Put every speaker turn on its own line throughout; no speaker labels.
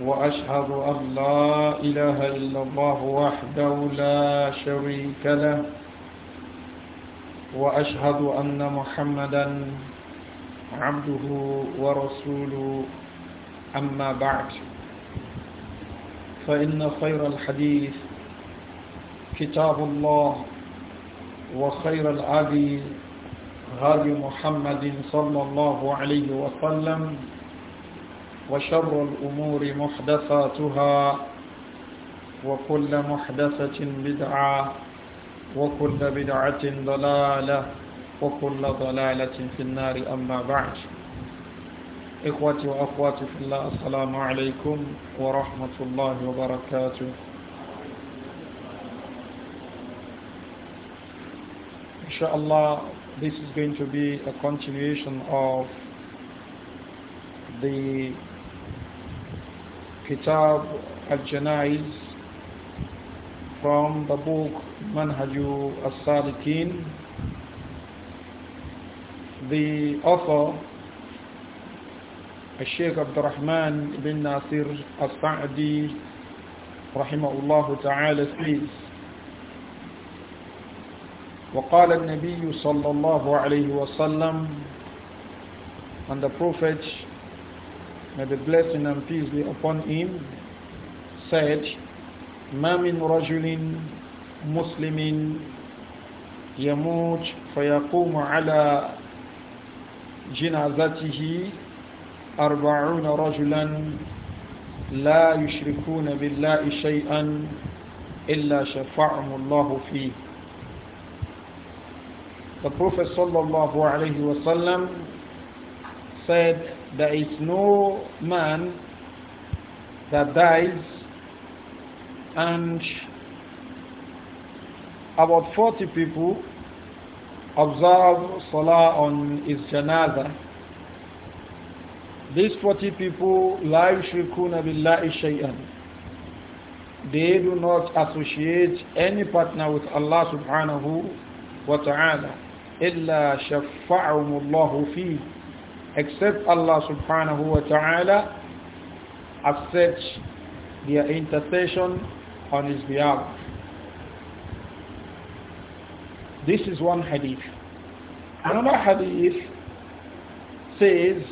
وأشهد أن لا إله إلا الله وحده لا شريك له وأشهد أن محمدا عبده ورسوله أما بعد فإن خير الحديث كتاب الله وخير الأدي هدي محمد صلى الله عليه وسلم وشر الأمور محدثاتها وكل محدثة بدعة وكل بدعة ضلالة وكل ضلالة في النار أما بعد إخوتي وأخواتي في الله السلام عليكم ورحمة الله وبركاته Inshallah, this is going to be a continuation of the Kitab al-Janaiz from the book Manhaju al-Sadiqin. The author, Sheikh Abdul Rahman ibn Nasir al-Sa'di, rahimahullah ta'ala, says, وقال النبي صلى الله عليه وسلم and the Prophet may the blessing and peace be upon him, said, ما من رجل مسلم يموت فيقوم على جنازته أربعون رجلا لا يشركون بالله شيئا إلا شفعهم الله فيه The Prophet صلى الله عليه وسلم said there is no man that dies and about 40 people observe Salah on his janazah. These 40 people, shirkuna يشركون بالله شيئا they do not associate any partner with Allah subhanahu wa ta'ala illa shaffa'ahum Allah fi except Allah subhanahu wa ta'ala accepts their intercession on his behalf. This is one hadith. Another hadith says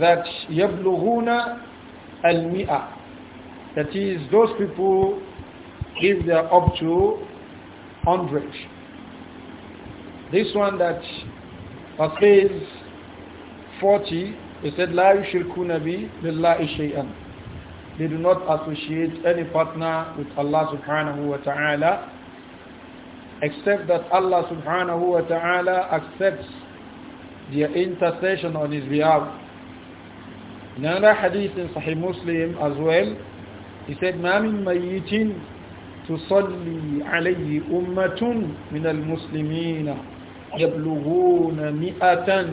that يَبْلُغُونَ al-mi'a. is, those people, if they are up to 100. This one that says 40, he said, La yushrikuna bi billahi shay'an. They do not associate any partner with Allah subhanahu wa ta'ala except that Allah subhanahu wa ta'ala accepts their intercession on his behalf. In another hadith in Sahih Muslim as well, he said, مَا مِن مَيِّتٍ تصلي عليه أمة من المسلمين يبلغون مئة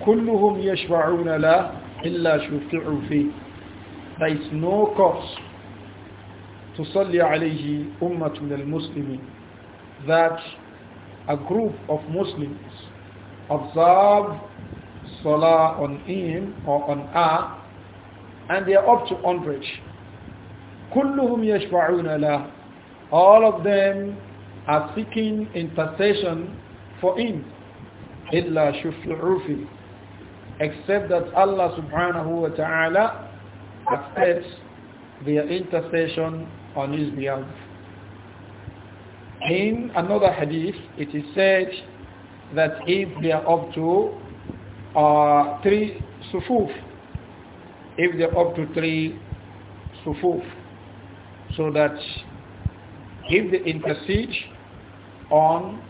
كلهم يشفعون لا إلا شفعوا فيه There is no cause to صلي عليه أمة المسلمين that a group of Muslims observe Salah on him or on her and they are up to 100 كلهم يشفعون له all of them are seeking intercession for him illa شفعوا فيه except that Allah subhanahu wa ta'ala accepts their intercession on his behalf. In another hadith, it is said that if they are up to uh, three sufuf, if they are up to three sufuf, so that if they intercede on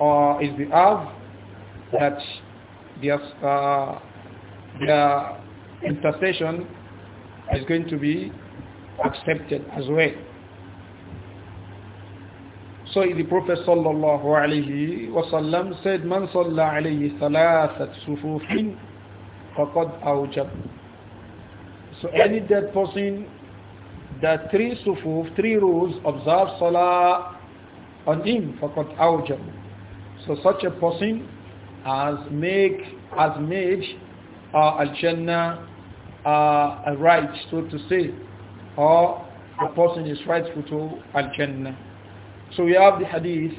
uh, his behalf, that their, uh, their intercession is going to be accepted as well. So the Prophet sallallahu alayhi wasallam said, "Man salla alayhi thalathat sufufin, faqad awjab." So any dead person that three sufuf, three rules, observe salah on him, faqad awjab. So such a person has make has made uh, al-jannah uh, a right, so to say, or a person is rightful to al-jannah. So we have the hadith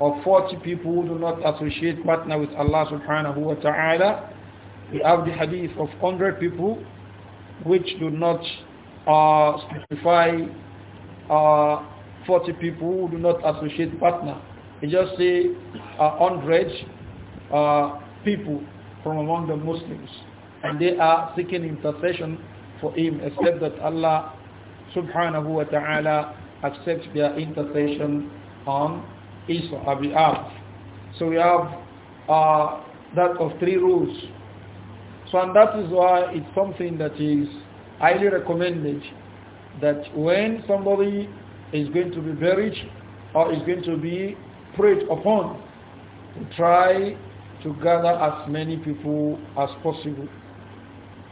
of 40 people who do not associate partner with Allah subhanahu wa ta'ala. We have the hadith of 100 people which do not uh, specify uh, 40 people who do not associate partner. They just say uh, 100 uh, people from among the Muslims and they are seeking intercession for him except that Allah subhanahu wa ta'ala accepts their intercession on his behalf. So we have uh, that of three rules. So and that is why it's something that is highly recommended that when somebody is going to be buried or is going to be prayed upon, to try to gather as many people as possible.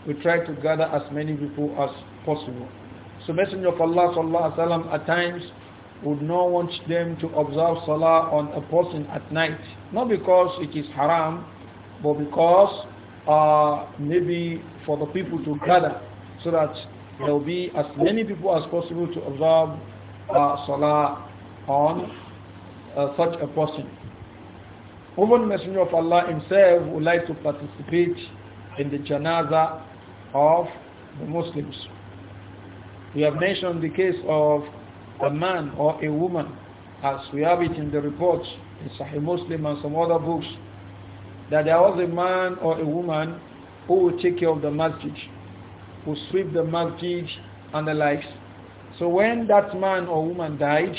We try to gather as many people as possible. So Messenger of Allah sallallahu alaihi wasallam at times would not want them to observe salah on a person at night, not because it is haram, but because uh, maybe for the people to gather so that there will be as many people as possible to observe uh, salah on uh, such a person. Even Messenger of Allah himself would like to participate in the janaza of the Muslims. We have mentioned the case of a man or a woman as we have it in the reports in Sahih Muslim and some other books that there was a man or a woman who would take care of the masjid, who sweep the masjid and the likes. So when that man or woman died,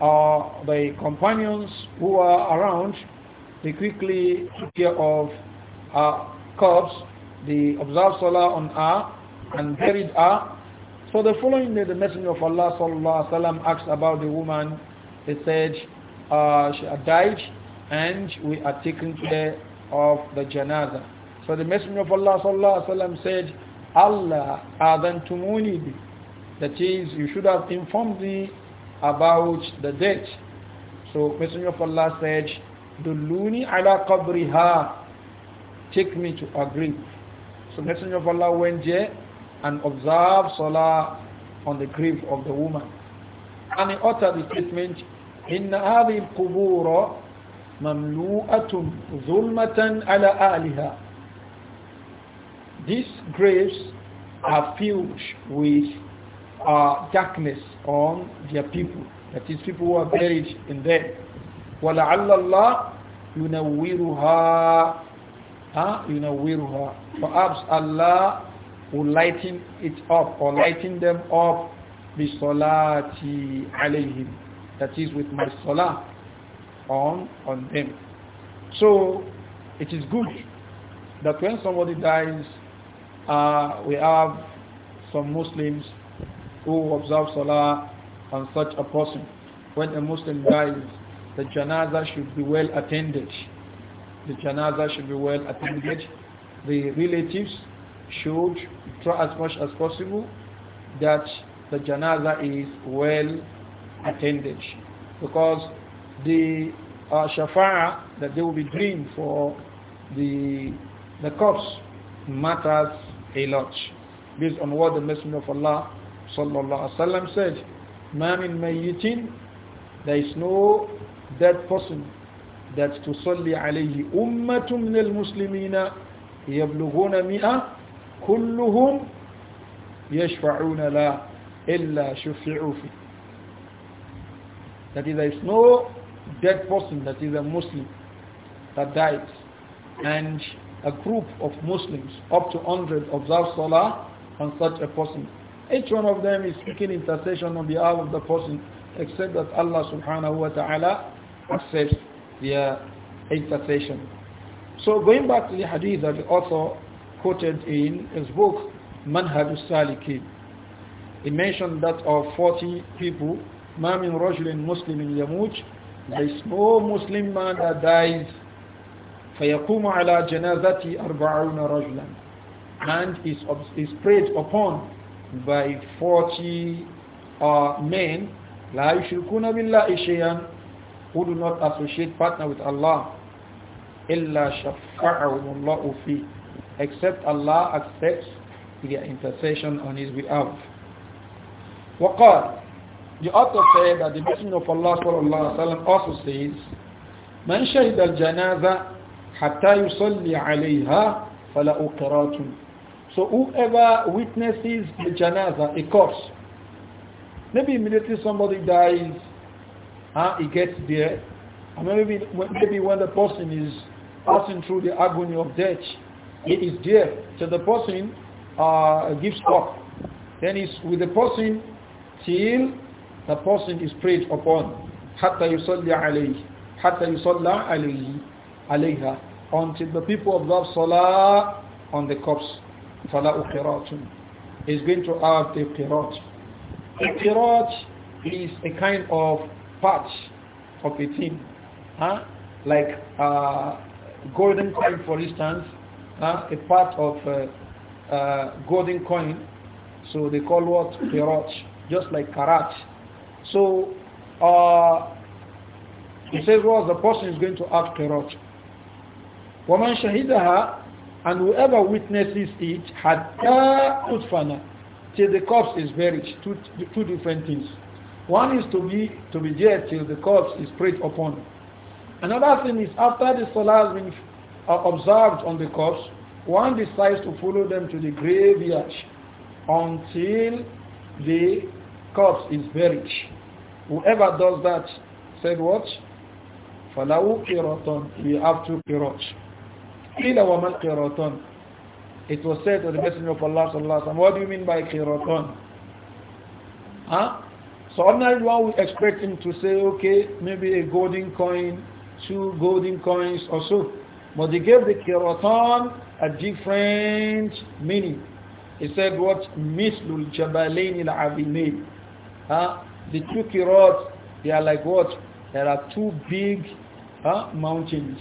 or the companions who were around, they quickly took care of her uh, corpse, they observed Salah on her and buried her. So the following day, the Messenger of Allah sallallahu alaihi wasallam asked about the woman. He said uh, she had died and we are taking care of the janaza. So the Messenger of Allah sallallahu alaihi wasallam said, Allah adantumuni That is, you should have informed me about the dead. So Messenger of Allah said, Dulluni ala qabriha. Take me to a grave. So Messenger of Allah went there and observed Salah on the grave of the woman. And he uttered the statement, إن هذه kubura, مملوءة zulmatan ala أهلها. These graves are filled with uh, darkness on their people. That is, people who are buried in them. وَلَعَلَّ اللَّهُ يُنَوِّرُهَا huh? يُنَوِّرُهَا Perhaps Allah will lighten it up or lighten them up بِصَلَاتِ عَلَيْهِمْ That is, with my salah on, on them. So, it is good that when somebody dies, uh, we have some Muslims who observe salah on such a person. When a Muslim dies, the janaza should be well attended. The janaza should be well attended. The relatives should try as much as possible that the janaza is well attended. Because the uh, shafa'a that they will be doing for the, the corpse matters a lot based on what the Messenger of Allah sallallahu alaihi wasallam said, "Ma min mayyitin, there is no dead person that to salli alayhi ummatun min al-muslimina yablughuna mi'a kulluhum yashfa'una la illa shufi'u fi." That is, there is no dead person that is a Muslim that dies and a group of Muslims up to 100 observe Salah on such a person each one of them is seeking intercession on behalf of the person, except that Allah subhanahu wa ta'ala accepts their intercession. So going back to the hadith that the author quoted in his book, Manhaj al-Salikin, he mentioned that of 40 people, مَا مِنْ رَجُلٍ مُسْلِمٍ يَمُوتٍ There is no Muslim man that dies فيقوم على جنازته أربعون رجلا and is, is prayed upon by 40 uh, men لا يشركون بالله شيئا who do not associate partner with Allah إلا شفعهم الله فيه except Allah accepts their intercession on his behalf وقال the author said that the Messenger of Allah صلى الله عليه وسلم also says من شهد الجنازة حتى يصلي عليها فلا قراط So whoever witnesses the janaza, a corpse, maybe immediately somebody dies, uh, he gets there, and maybe, maybe when the person is passing through the agony of death, it is there. So the person uh, gives up. Then it's with the person till the person is prayed upon. حتى يصلي alayhi. حتى يصلى alayhi. alayha, until the people of love salah on the corpse. فَلَا أُقِرَاتٌ is going to add a qirat. A qirat is a kind of part of a thing. Huh? Like uh, golden coin, for instance, huh? a part of uh, uh, golden coin. So they call what qirat, just like karat. So uh, he says, well, the person is going to have qirat. وَمَنْ شَهِدَهَا and whoever witnesses it had utfana till the corpse is buried two, two different things one is to be to be dead till the corpse is prayed upon another thing is after the salah has been uh, observed on the corpse one decides to follow them to the graveyard until the corpse is buried whoever does that said what فَلَوْ قِرَةٌ We have two qirats it was said to the Messenger of Allah sallallahu alaihi what do you mean by qiratan? Huh? So ordinarily one would expect him to say, okay, maybe a golden coin, two golden coins or so. But they gave the qiratan a different meaning. He said what? Mislul jabalain al-azimain. Huh? The two qirats, they are like what? There are two big huh, mountains.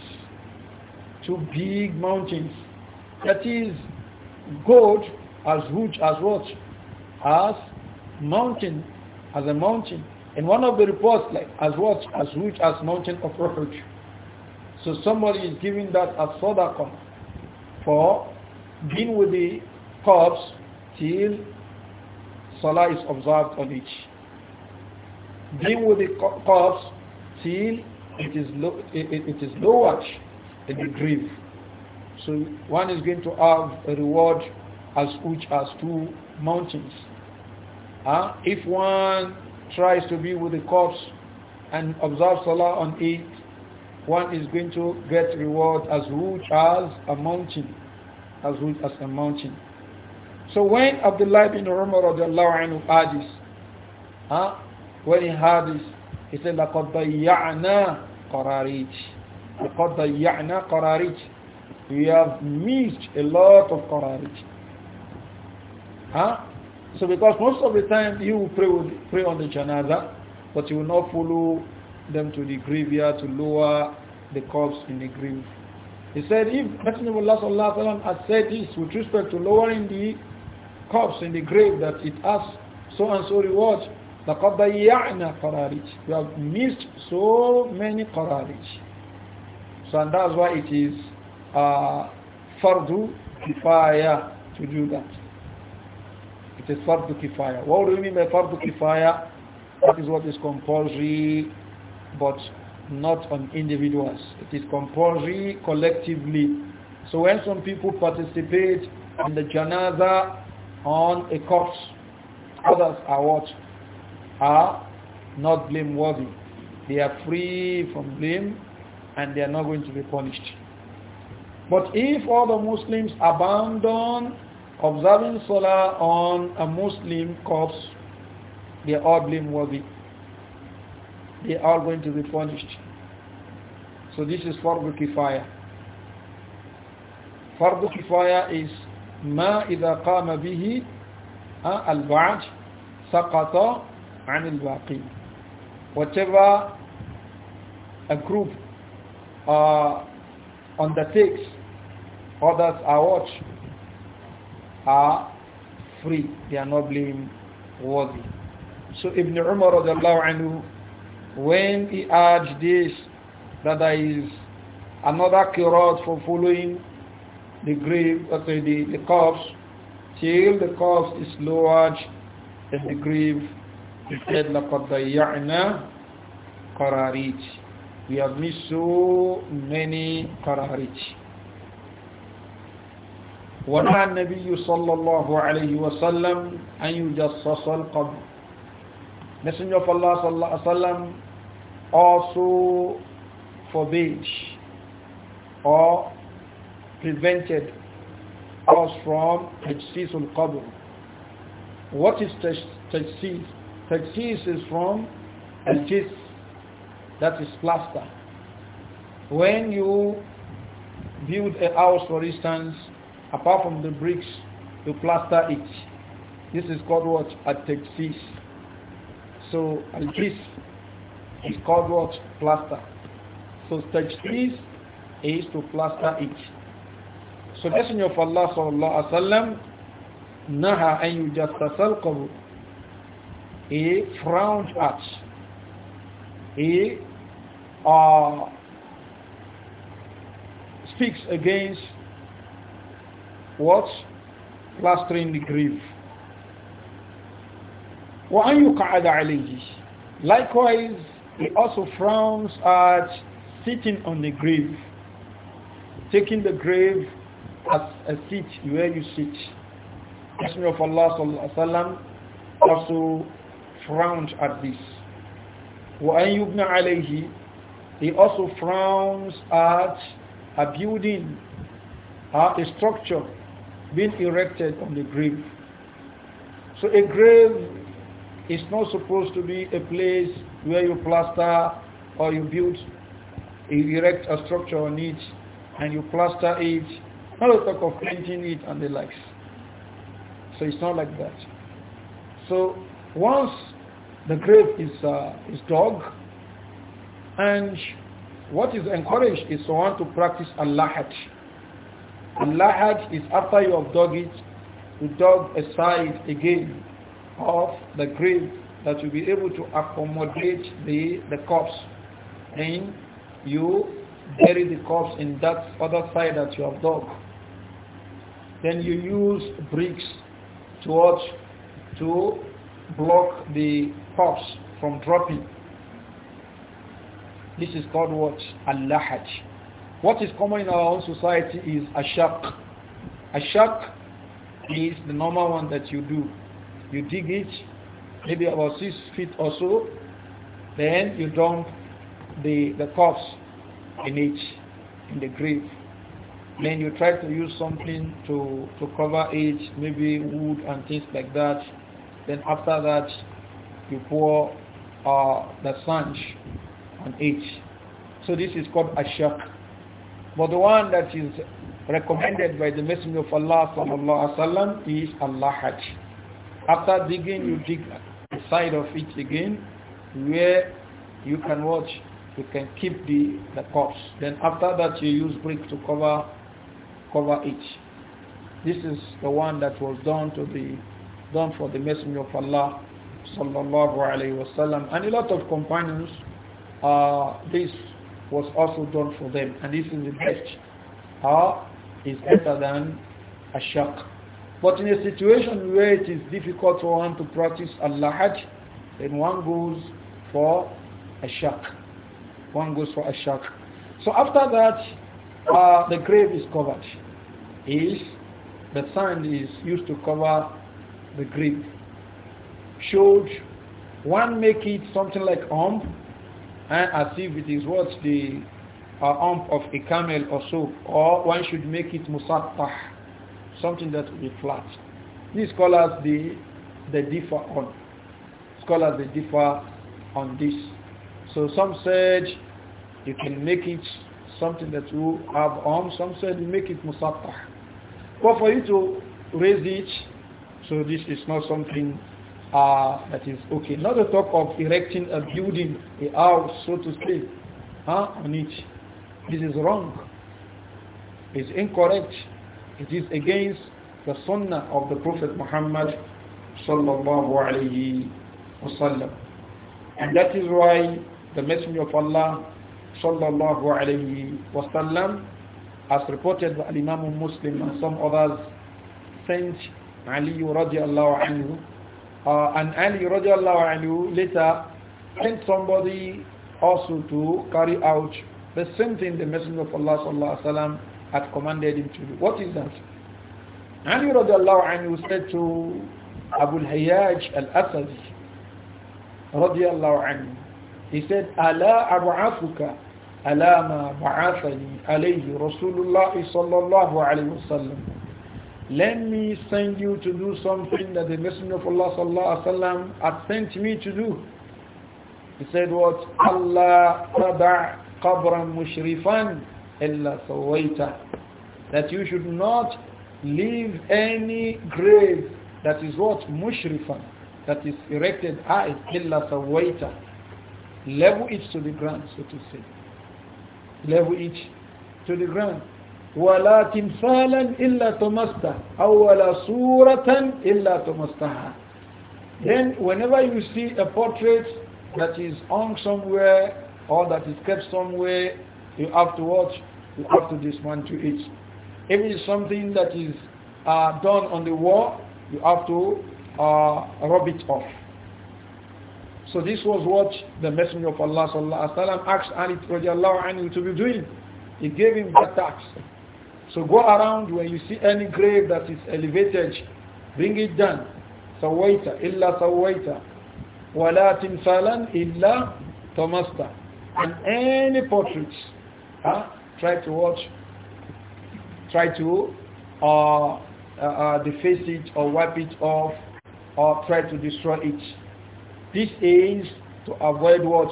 To big mountains. That is God as huge as what? As mountain, as a mountain. In one of the reports, like as what? As huge as mountain of refuge. So somebody is giving that as come for being with the corpse till salah is observed on it. Being with the corpse till it is, lo- it, it, it is lowered and you grave. So one is going to have a reward as which as two mountains. Uh, if one tries to be with the corpse and observe Salah on it, one is going to get reward as which as a mountain. As which as a mountain. So when Abdullah bin Umar radiallahu anhu had this, huh? when he had this, he said, لَقَدْ ضَيَّعْنَا قَرَارِيتِ وَقَدْ ضَيَّعْنَا قَرَارِيج We have missed a lot of قَرَارِيج huh? So because most of the time you will pray, with, pray on the janaza, but you will not follow them to the graveyard to lower the corpse in the grave. He said, if Messenger of Allah sallallahu has said this with respect to lowering the corpse in the grave that it has so and so reward, لَقَدْ ضَيَّعْنَا قَرَارِيج We have missed so many قَرَارِيج so and that's why it is uh, fardu kifaya to do that. It is fardu kifaya. What do you mean by fardu kifaya? That is what is compulsory but not on individuals. It is compulsory collectively. So when some people participate in the janaza on a corpse, others are what? Are not blameworthy. They are free from blame and they are not going to be punished. But if all the Muslims abandon observing Salah on a Muslim corpse, they are all blameworthy. They are all going to be punished. So this is Fardu Kifaya. Fardu Kifaya is ما إذا قام به البعض سقط عن الباقي. Whatever a group uh, undertakes, others are watch. Are free. They are not blameworthy. So Ibn Umar anhu, when he urged this, that there is another kirat for following the grave, uh, okay, the, the corpse, till the corpse is lowered in the grave, he said, لَقَدْ ضَيَّعْنَا قَرَارِيتِ we have missed so many Qararit. ونهى النبي صلى الله عليه وسلم أن يجصص القبر Messenger of Allah صلى الله عليه وسلم also forbade or prevented us from tajsis al-qabr. What is tajsis? Tajsis is from al that is plaster. When you build a house, for instance, apart from the bricks, you plaster it. This is called what? this. So this is called what? Plaster. So this is to plaster it. So Messenger of Allah sallallahu alaihi wasallam naha an yujassasal qabr. He frowned at. He uh, speaks against what? Plastering the grave. Likewise, he also frowns at sitting on the grave, taking the grave as a seat where you sit. Messenger of Allah وسلم, also frowned at this. وَأَنْ يُبْنَ عَلَيْهِ he also frowns at a building, a structure being erected on the grave. So a grave is not supposed to be a place where you plaster or you build, you erect a structure on it and you plaster it, not to talk of painting it and the likes. So it's not like that. So once the grave is, uh, is dug, and what is encouraged is someone to practice al-lahad. Al-lahad is after you have dug it, you dug a side again of the grave that you'll be able to accommodate the, the corpse. And you bury the corpse in that other side that you have dug. Then you use bricks to, to block the corpse from dropping this is called what? Al-lahaj. What is common in our own society is ashaq. Ashaq is the normal one that you do. You dig it, maybe about six feet or so, then you dump the, the corpse in it, in the grave. Then you try to use something to, to cover it, maybe wood and things like that. Then after that, you pour uh, the sand and So this is called ashak. But the one that is recommended by the Messenger of Allah sallallahu alaihi wasallam is Allah After digging, you dig the side of it again, where you can watch, you can keep the the corpse. Then after that, you use brick to cover cover it. This is the one that was done to the done for the Messenger of Allah sallallahu alaihi wasallam and a lot of companions uh, this was also done for them and this is the best uh, is better than a shock but in a situation where it is difficult for one to practice Allah lahaj then one goes for a shock one goes for a shock so after that uh, the grave is covered is the sand is used to cover the grave should one make it something like um? and eh, as if it is what the uh, of a camel or so, or one should make it musattah, something that will be flat. These scholars, they, they differ on. Scholars, they differ on this. So some said you can make it something that you have on, some said you make it musattah. But for you to raise it, so this is not something uh, that is okay. Not the talk of erecting a building, a house, so to say, huh, on it. This is wrong. It's incorrect. It is against the sunnah of the Prophet Muhammad sallallahu alayhi wasallam. And that is why the Messenger of Allah sallallahu alayhi wasallam as reported by Imam Muslim and some others sent Ali radiallahu anhu uh, and Ali radiallahu anhu later sent somebody also to carry out the same thing the Messenger of Allah sallallahu alaihi wasallam had commanded him to do. What is that? Ali radiallahu anhu said to Abu al-Hayyaj al-Asadi radiallahu anhu, he said, أَلَا Abu أَلَا مَا بَعَثَنِي عَلَيْهِ alayhi Rasulullah صَلَّى اللَّهُ عَلَيْهِ وَسَلَّمَ let me send you to do something that the Messenger of Allah sallallahu alaihi wasallam had sent me to do. He said what? Allah taba' qabran mushrifan illa sawaita. That you should not leave any grave that is what? Mushrifan. That is erected high. Ah, illa sawaita. Level it to the ground, so to say. Level it to the ground then whenever you see a portrait that is hung somewhere or that is kept somewhere you have to watch you have to dismantle it if it is something that is uh, done on the wall you have to uh, rub it off so this was what the messenger of Allah sallallahu alaihi wasallam asked Ali radiallahu anhu to be doing he gave him that task so go around when you see any grave that is elevated, bring it down. Sawaita illa sawaita. Wala timsalan illa tamasta. And any portraits, huh? try to watch, try to uh, uh, uh deface it or wipe it off or try to destroy it. This is to avoid what?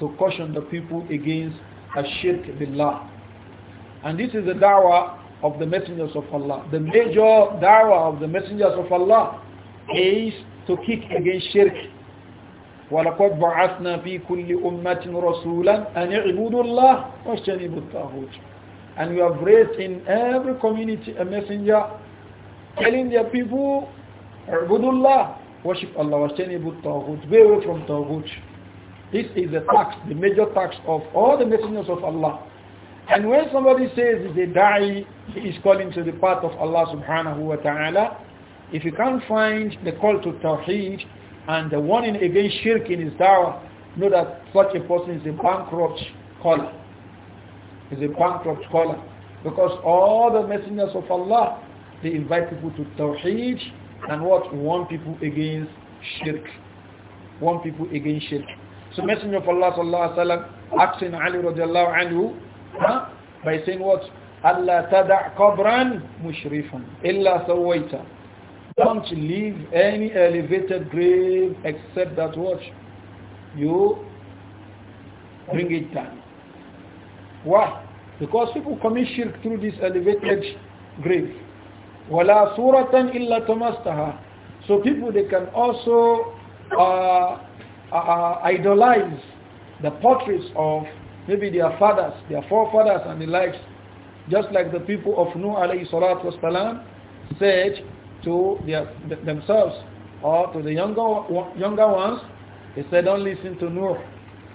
To caution the people against a shirk billah and this is the da'wah of the messengers of Allah. The major da'wah of the messengers of Allah is to kick against shirk. وَلَقَدْ بَعَثْنَا فِي كُلِّ أُمَّةٍ رَسُولًا أَنْ يَعْبُدُوا اللَّهَ وَاجْتَنِبُوا الطَّاغُوتَ And we have raised in every community a messenger telling their people, اعْبُدُوا اللَّهَ Worship Allah, وَاجْتَنِبُوا الطَّاغُوتَ Be away from Tawhut. This is the tax, the major tax of all the messengers of Allah. And when somebody says he's a da'i, he is calling to the path of Allah subhanahu wa ta'ala. If you can't find the call to tawheed and the warning against shirk in his da'wah, know that such a person is a bankrupt caller. Is a bankrupt caller. Because all the messengers of Allah, they invite people to tawheed and what? Warn people against shirk. Warn people against shirk. So Messenger of Allah sallallahu wa sallam, asking Ali radiallahu anhu Huh? By saying what? Allah tada' qabran mushrifan illa sawaita. Don't leave any elevated grave except that watch. You bring it down. Why? Because people commit shirk through this elevated grave. "Wala suratan illa تَمَسْتَهَا So people, they can also uh, uh, uh idolize the portraits of maybe their fathers, their forefathers and the likes, just like the people of Nuh alayhi salatu wasalam said to their, themselves or to the younger, younger ones, they said, don't listen to Nuh.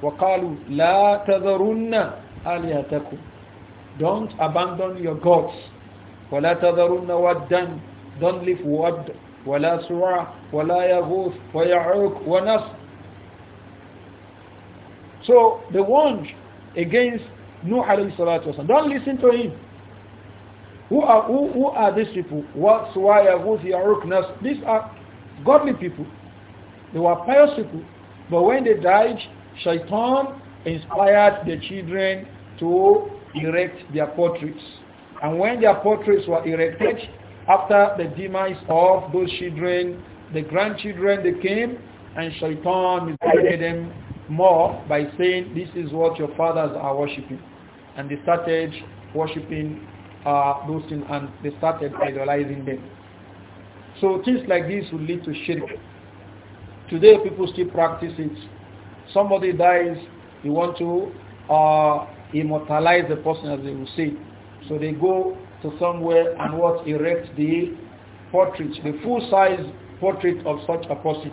وَقَالُوا لَا تَذَرُنَّ آلِهَتَكُمْ Don't abandon your gods. وَلَا تَذَرُنَّ وَدًّا Don't leave wad. وَلَا سُوَعَ وَلَا يَغُوث وَيَعُوكُ Wanas. So the ones against Nuh alayhi salatu wasalam. Don't listen to him. Who are, who, who are these people? What, Suwaya, Wuthi, These are godly people. They were pious people. But when they died, Shaitan inspired the children to erect their portraits. And when their portraits were erected, after the demise of those children, the grandchildren, they came and Shaitan misguided them more by saying this is what your fathers are worshipping and they started worshipping uh, those things and they started idolizing them so things like this will lead to shirk today people still practice it somebody dies you want to uh, immortalize the person as they will say so they go to somewhere and what erect the portrait the full size portrait of such a person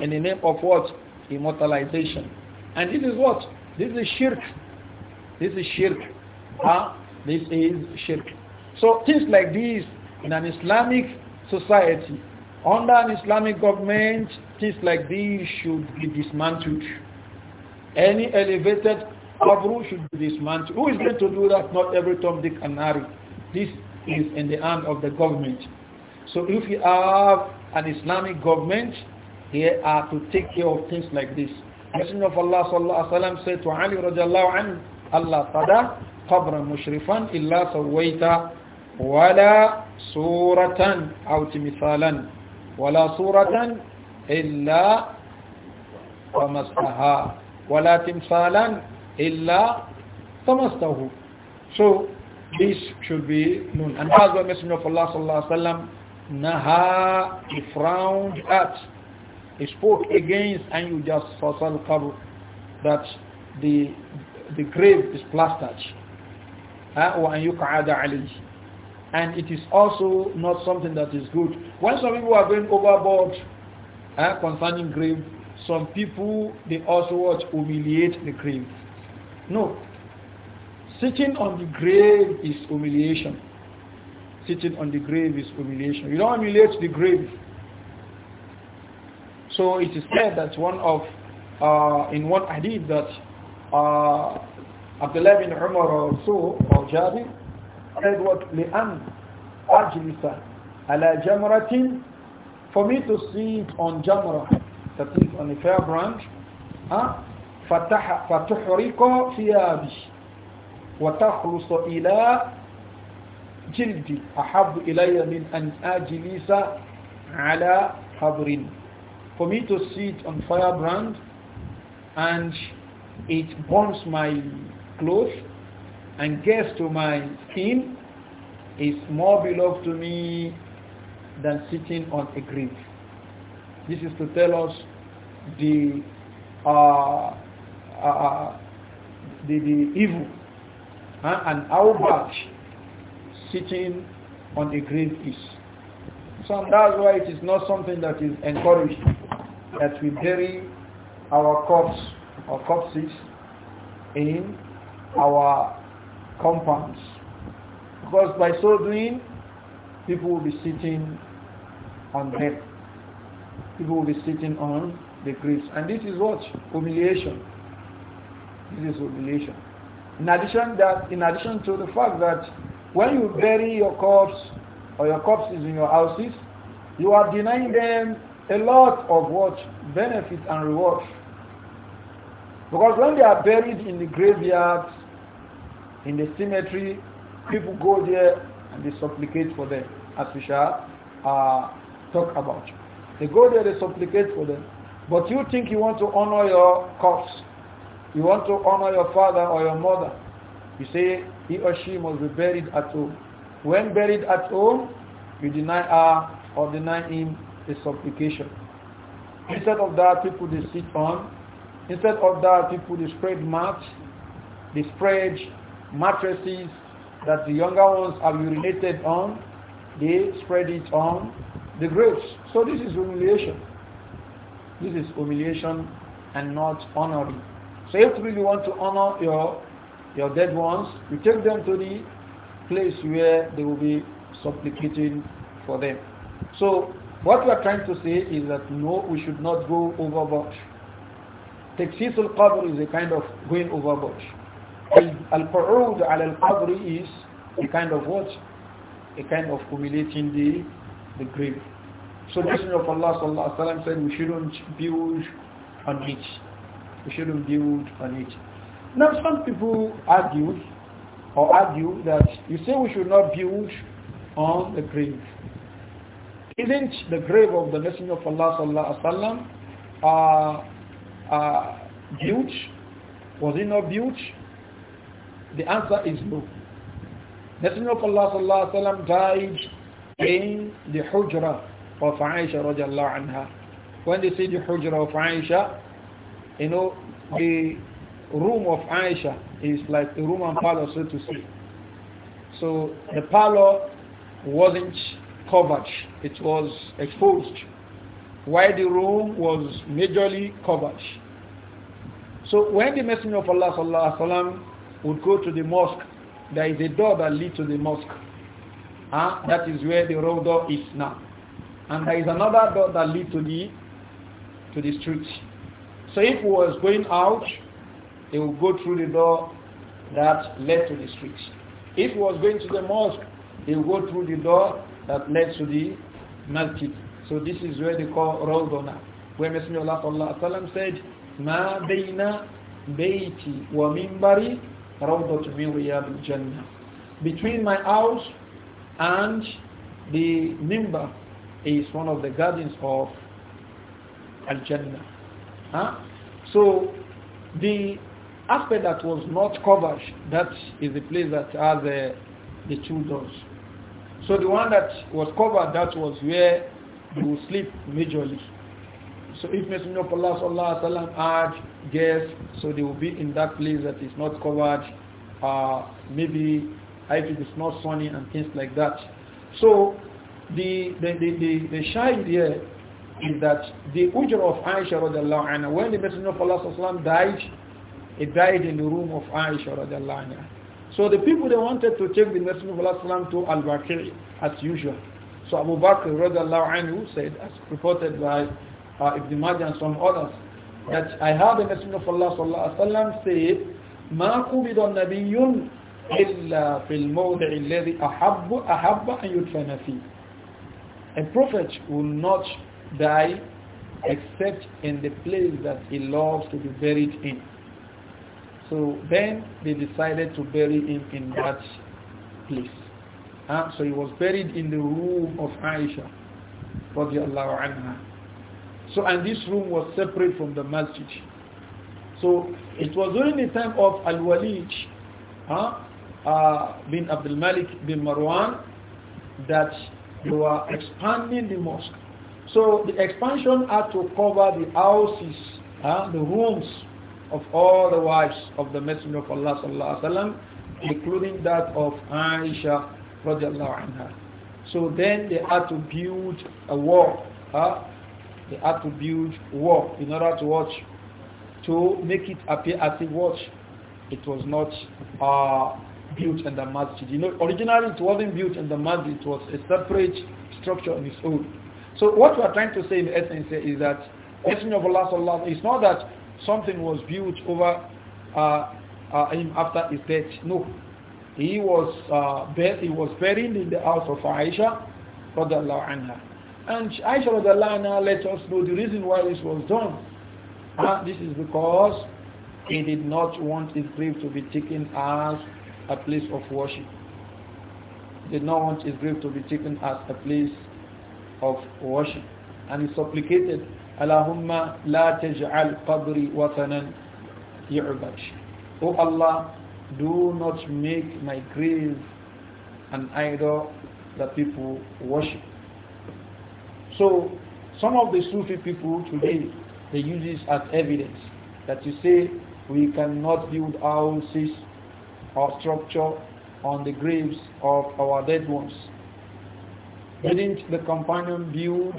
in the name of what immortalization. And this is what? This is shirk. This is shirk. Huh? Ah, this is shirk. So things like this in an Islamic society, under an Islamic government, things like these should be dismantled. Any elevated cover should be dismantled. Who is going to do that? Not every Tom, Dick and Harry. This is in the hand of the government. So if you have an Islamic government, here are to take care of things like this. Messenger of Allah sallallahu alaihi wasallam said to Ali radiallahu anhu, Allah tada qabra mushrifan illa sawaita wala suratan aw timthalan wala suratan illa tamastaha wala timthalan illa tamastahu. So this should be known. And as the Messenger of Allah sallallahu alaihi wasallam naha frowned at he spoke against and you just fasal cover that the the grave is plastered and and it is also not something that is good when some people are going overboard uh, concerning grave some people they also what humiliate the grave no sitting on the grave is humiliation sitting on the grave is humiliation you don't humiliate the grave so it is said that one of, uh, in one hadith that uh, Abdullah bin Umar or so, or Jabir, said what, لِأَنْ أَجْلِسَ عَلَى جَمْرَةٍ For me to sit on jamra, that is on a fair branch, huh? فتحرق ثيابي وتخلص إلى جلدي أحب إلي من أن أجلس على قبر for me to see it on firebrand and it burns my clothes and gets to my skin is more beloved to me than sitting on a grave. This is to tell us the uh, uh, uh the, the, evil huh? and how bad sitting on a grave is. So that's why it is not something that is encouraged that we bury our corpse or corpses in our compounds. Because by so doing, people will be sitting on them. People will be sitting on the graves. And this is what? Humiliation. This is humiliation. In addition that in addition to the fact that when you bury your corpse or your corpses in your houses, you are denying them a lot of what benefits and rewards, Because when they are buried in the graveyard, in the cemetery, people go there and they supplicate for them, as we shall uh, talk about. They go there, they supplicate for them. But you think you want to honor your corpse. You want to honor your father or your mother. You say he or she must be buried at home. When buried at home, you deny her or deny him is supplication. Instead of that, people they sit on. Instead of that, people they spread mats, they spread mattresses that the younger ones have urinated on. They spread it on the graves. So this is humiliation. This is humiliation and not honoring. So if you really want to honor your your dead ones, you take them to the place where they will be supplicating for them. So what we are trying to say is that no, we should not go overboard. al qabr is a kind of going overboard. Al-qu'ud al-qabr is a kind of what? A kind of humiliating the, the grave. So the Messenger of Allah sallallahu said we shouldn't build on it. We shouldn't build on it. Now some people argue or argue that you say we should not build on the grave. Isn't the grave of the Messenger of Allah sallallahu alaihi wasallam uh, uh, built? Was it not built? The answer is no. Messenger of Allah sallallahu alaihi wasallam died in the Hujra of Aisha radiallahu anha. When they say the Hujra of Aisha, you know, the room of Aisha is like the room and parlor, so to say. So the parlor wasn't covered, it was exposed, while the room was majorly covered. So when the Messenger of Allah sallallahu alaihi wasallam would go to the mosque, there is a door that leads to the mosque. Huh? Ah, that is where the road door is now. And there is another door that leads to the to the street. So if he was going out, he would go through the door that led to the street. If he was going to the mosque, he would go through the door that led to the masjid. So this is where they call Rawdana, where Messenger of Allah said, Ma bayna bayti wa mimbari rawdatu min al jannah. Between my house and the mimbar is one of the gardens of Al-Jannah. Huh? So the aspect that was not covered, that is the place that has the, uh, the two doors. So the one that was covered, that was where you will sleep majorly. So if Messenger of Allah sallallahu alaihi wasallam had guests, so they will be in that place that is not covered. Uh, maybe if it is not sunny and things like that. So the the the the, the shine here is that the ujra of Aisha radiallahu anha, when the Messenger of Allah sallallahu alaihi wasallam died, he died in the room of Aisha radiallahu anha. So the people they wanted to take the Messenger of Allah to Al-Baqi as usual. So Abu Bakr anhu said, as reported by uh, Ibn Majah and some others, that I heard the Messenger of Allah sallallahu say, ما قبض النبي إلا في الموضع الذي أحب أحب أن يدفن فيه. A prophet will not die except in the place that he loves to be buried in. So then they decided to bury him in that place. Uh, so he was buried in the room of Aisha radiallahu anha. So and this room was separate from the masjid. So it was during the time of Al-Walid ah, uh, bin Abdul Malik bin Marwan that they were expanding the mosque. So the expansion had to cover the houses, ah, the rooms of all the wives of the Messenger of Allah sallallahu alaihi wasallam, including that of Aisha radiallahu anha. So then they had to build a wall. Huh? They had to build wall in order to watch, to make it appear as if watch. It was not uh, built in the masjid. You know, originally it wasn't built in the masjid. It was a separate structure on its own. So what we are trying to say in essence is that Messenger of Allah sallallahu it's not that something was built over uh, uh, him after his death. No. He was, uh, he was buried in the house of Aisha anha. And Aisha anha let us know the reason why this was done. Uh, this is because he did not want his grave to be taken as a place of worship. He did not want his grave to be taken as a place of worship. And he supplicated Allahumma la taj'al qabri watanan yu'bad. O Allah, do not make my grave an idol that people worship. So, some of the Sufi people today, they use this as evidence that you say we cannot build houses or structure on the graves of our dead ones. Didn't the companion build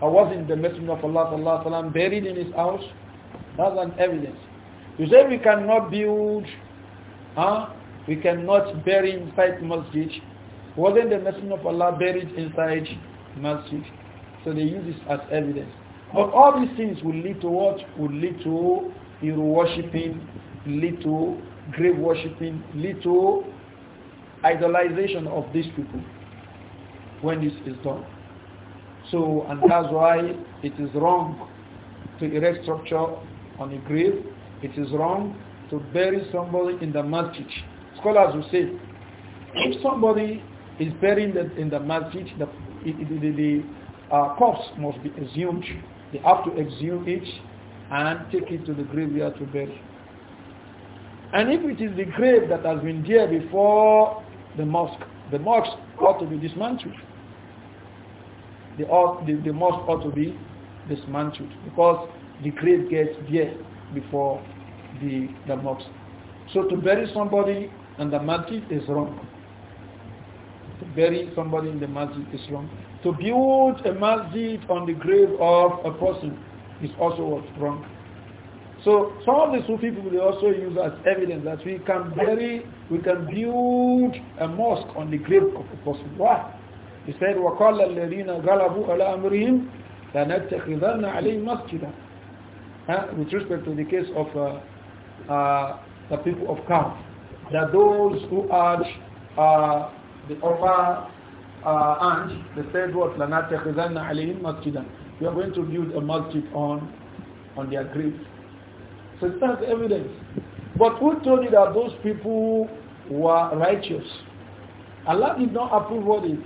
or wasn't the Messenger of Allah sallallahu sallam, buried in his house? That's an evidence. You say we cannot build, huh? we cannot bury inside masjid. Wasn't the Messenger of Allah buried inside masjid? So they use this as evidence. But all these things will lead to what? Will lead to hero worshipping, lead to grave worshipping, lead to idolization of these people when this is done. So, and that's why it is wrong to erect structure on a grave. It is wrong to bury somebody in the masjid. Scholars will say, if somebody is buried in the, the masjid, the, the, the, the uh, corpse must be exhumed. They have to exhume it and take it to the graveyard to bury. And if it is the grave that has been there before the mosque, the mosque ought to be dismantled the, the, the mosque ought to be dismantled because the grave gets there before the, the mosque. So to bury somebody in the masjid is wrong. To bury somebody in the masjid is wrong. To build a masjid on the grave of a person is also wrong. So some of the Sufi people they also use as evidence that we can bury, we can build a mosque on the grave of a person. Why? He said, وَقَالَ الَّذِينَ غَلَبُوا عَلَىٰ أَمْرِهِمْ لَنَتَّخِذَنَّ عَلَيْهِ مَسْجِدًا huh? With respect to the case of uh, uh, the people of Kaf, that those who urge uh, the upper uh, and they said what? لَنَتَّخِذَنَّ عَلَيْهِمْ مَسْجِدًا We are going to build a masjid on, on their graves. So that's evidence. But who told you that those people were righteous? Allah did not approve what is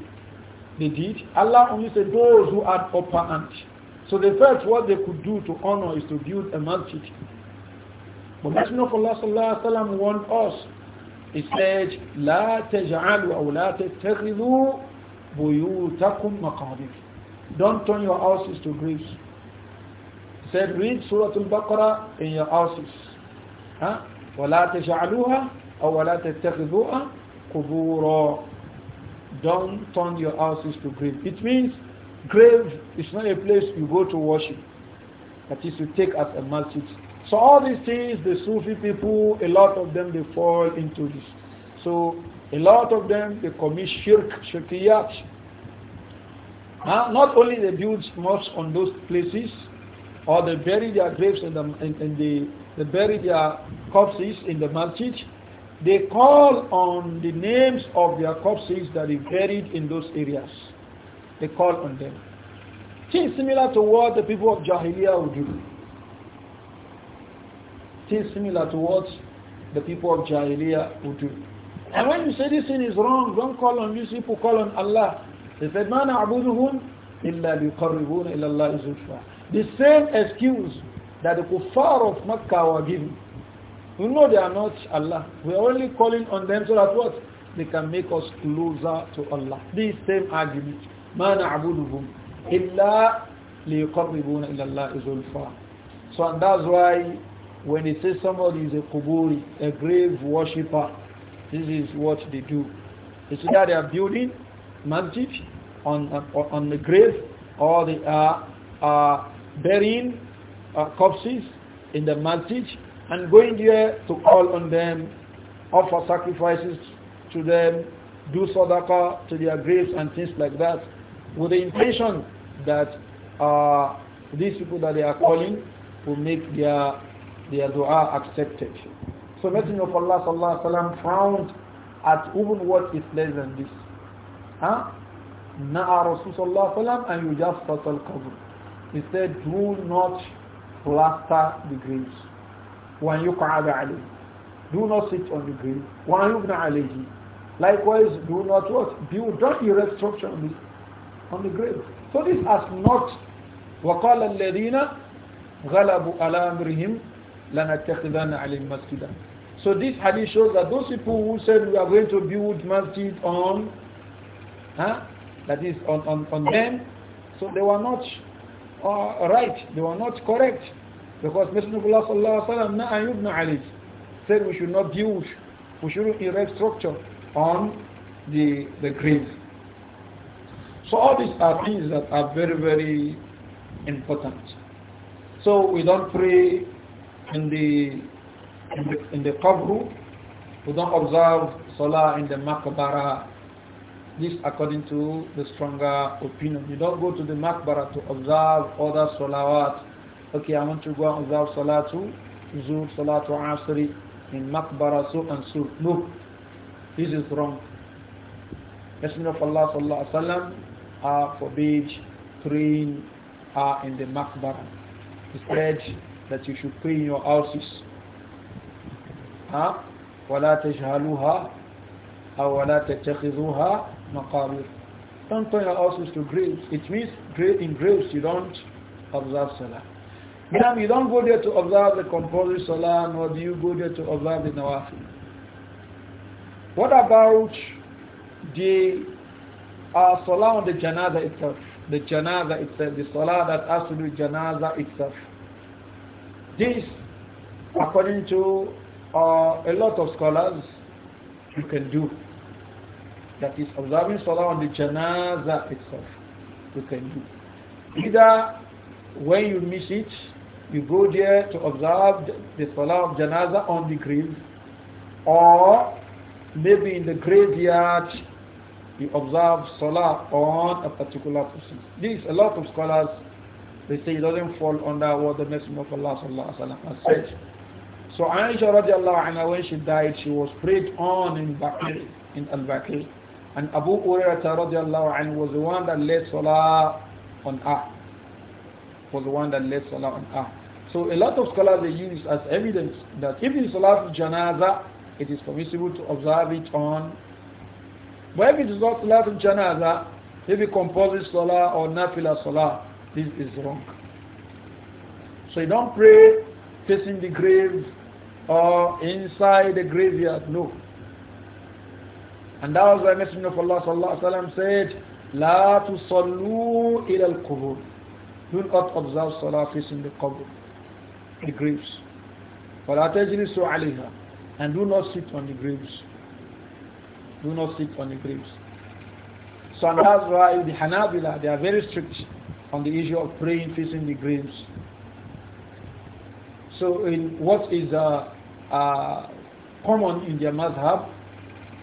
they did. Allah only said those who had upper hand. So the first, what they could do to honor is to build a masjid. But Messenger of Allah sallallahu wa wasallam warned us. He said, لا تجعلوا أو لا تتخذوا بيوتكم مقابر. Don't turn your houses to graves. He Said, read Surah Al-Baqarah in your houses. Huh? ولا تجعلوها أو ولا تتخذوها قبورا don't turn your houses to grave. It means grave is not a place you go to worship. That is, to take as a masjid. So all these things, the Sufi people, a lot of them, they fall into this. So a lot of them, they commit shirk, shirkiyat. Now, Not only they build mosques on those places, or they bury their graves in the, in, in the they bury their corpses in the masjid, they call on the names of their corpses are buried in those areas. They call on them. Things similar to what the people of Jahiliyyah would do. Things similar to what the people of Jahiliyyah would do. And when you say this thing is wrong, don't call on these people, call on Allah. They said, مَا نَعْبُدُهُمْ إِلَّا لِيُقَرِّبُونَ إِلَى اللَّهِ زُلْفَى The same excuse that the kuffar of Makkah were giving we know they are not Allah. We are only calling on them so that what? They can make us closer to Allah. This same argument. مَا نَعْبُدُهُمْ إِلَّا لِيُقَرِّبُونَ إِلَى اللَّهِ زُلْفَى So and that's why when they say somebody is a kuburi, a grave worshipper, this is what they do. They see that they are building masjid on, on, on the grave or they are uh, burying uh, corpses in the masjid and going there to call on them, offer sacrifices to them, do sadaqah to their graves and things like that, with the intention that uh, these people that they are calling will make their their dua accepted. So Messenger of Allah sallallahu alaihi wasallam frowned at even what is less than this. Huh? Na'a Rasul sallallahu alaihi wasallam and yujaffat al-qabr. He said, do not plaster the graves. وأن يقعد عليه do not sit on the grave وأن يبنى عليه likewise do not what build don't erect structure on the, on the grave so this has not وقال الذين غلبوا على أمرهم لنتخذن عليهم مسجدا so this hadith shows that those people who said we are going to build masjid on huh, that is on, on, on them so they were not uh, right they were not correct because Messenger of Allah sallallahu alayhi wa Ali, said we should not build, we shouldn't erect structure on the, the grave. So all these are things that are very, very important. So we don't pray in the in the, in the qabru, we don't observe salah in the makbara. This according to the stronger opinion. You don't go to the makbara to observe other salawat okay, I want to go and observe Salatu Zuhr, Salatu Asri in Makbara, so and so. No, this is wrong. Messenger of Allah Sallallahu Alaihi Wasallam uh, forbade praying uh, in the Makbara. He said that you should pray in your houses. Huh? ولا تجهلوها أو ولا تتخذوها مقابر don't turn your houses to graves. It means in graves you don't observe Salah. Now you don't go there to observe the compulsory salah, nor do you go there to observe the nawafil. What about the uh, salah on the janaza itself? The janaza itself, the salah that has to do with janaza itself. This, according to uh, a lot of scholars, you can do. That is observing salah on the janaza itself. You can do. Either when you miss it, you go there to observe the Salah of Janaza on the grave or maybe in the graveyard you observe Salah on a particular person. This, a lot of scholars, they say it doesn't fall under what the Messenger of Allah sallallahu has said. So Aisha radiallahu anha, when she died, she was prayed on in Baqir, in al baqi And Abu Urairah radiallahu anhu was the one that led Salah on her. Was the one that led Salah on her. So a lot of scholars they use as evidence that if it is Salat Janaza, it is permissible to observe it on. But if it is not Salat Janaza, maybe compulsory Salah or Nafila Salah, this is wrong. So you don't pray facing the grave or inside the graveyard, no. And that was why Messenger of Allah sallallahu wa wasallam said, لا tusallu إلى al Do not observe salah facing the qubur the graves. is so عَلَيْهَا And do not sit on the graves. Do not sit on the graves. So that's why the Hanabila, they are very strict on the issue of praying facing the graves. So in what is uh, uh, common in their madhab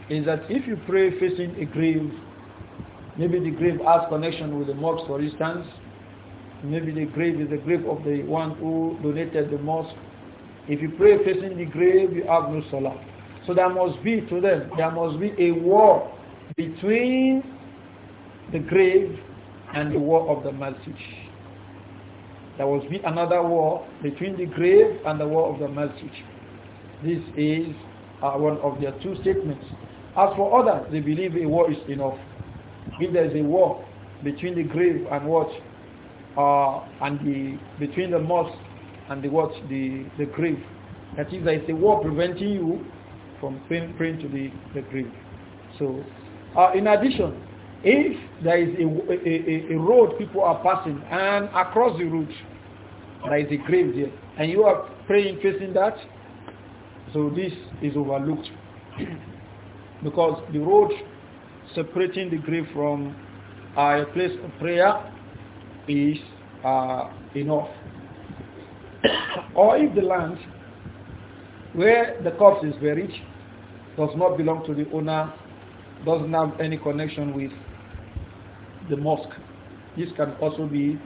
is that if you pray facing a grave, maybe the grave has connection with the mosque for instance, Maybe the grave is the grave of the one who donated the mosque. If you pray facing the grave, you have no salah. So there must be to them, there must be a war between the grave and the war of the masjid. There must be another war between the grave and the war of the masjid. This is uh, one of their two statements. As for others, they believe a war is enough. If there is a war between the grave and what uh, and the between the mosque and the what the the grave. That is, there is a wall preventing you from praying, praying to the, the grave. So, uh, in addition, if there is a, a, a, road people are passing and across the road there is a grave there and you are praying facing that, so this is overlooked because the road separating the grave from uh, a place of prayer is uh, enough. or if the land where the corpse is buried does not belong to the owner, doesn't have any connection with the mosque, this can also be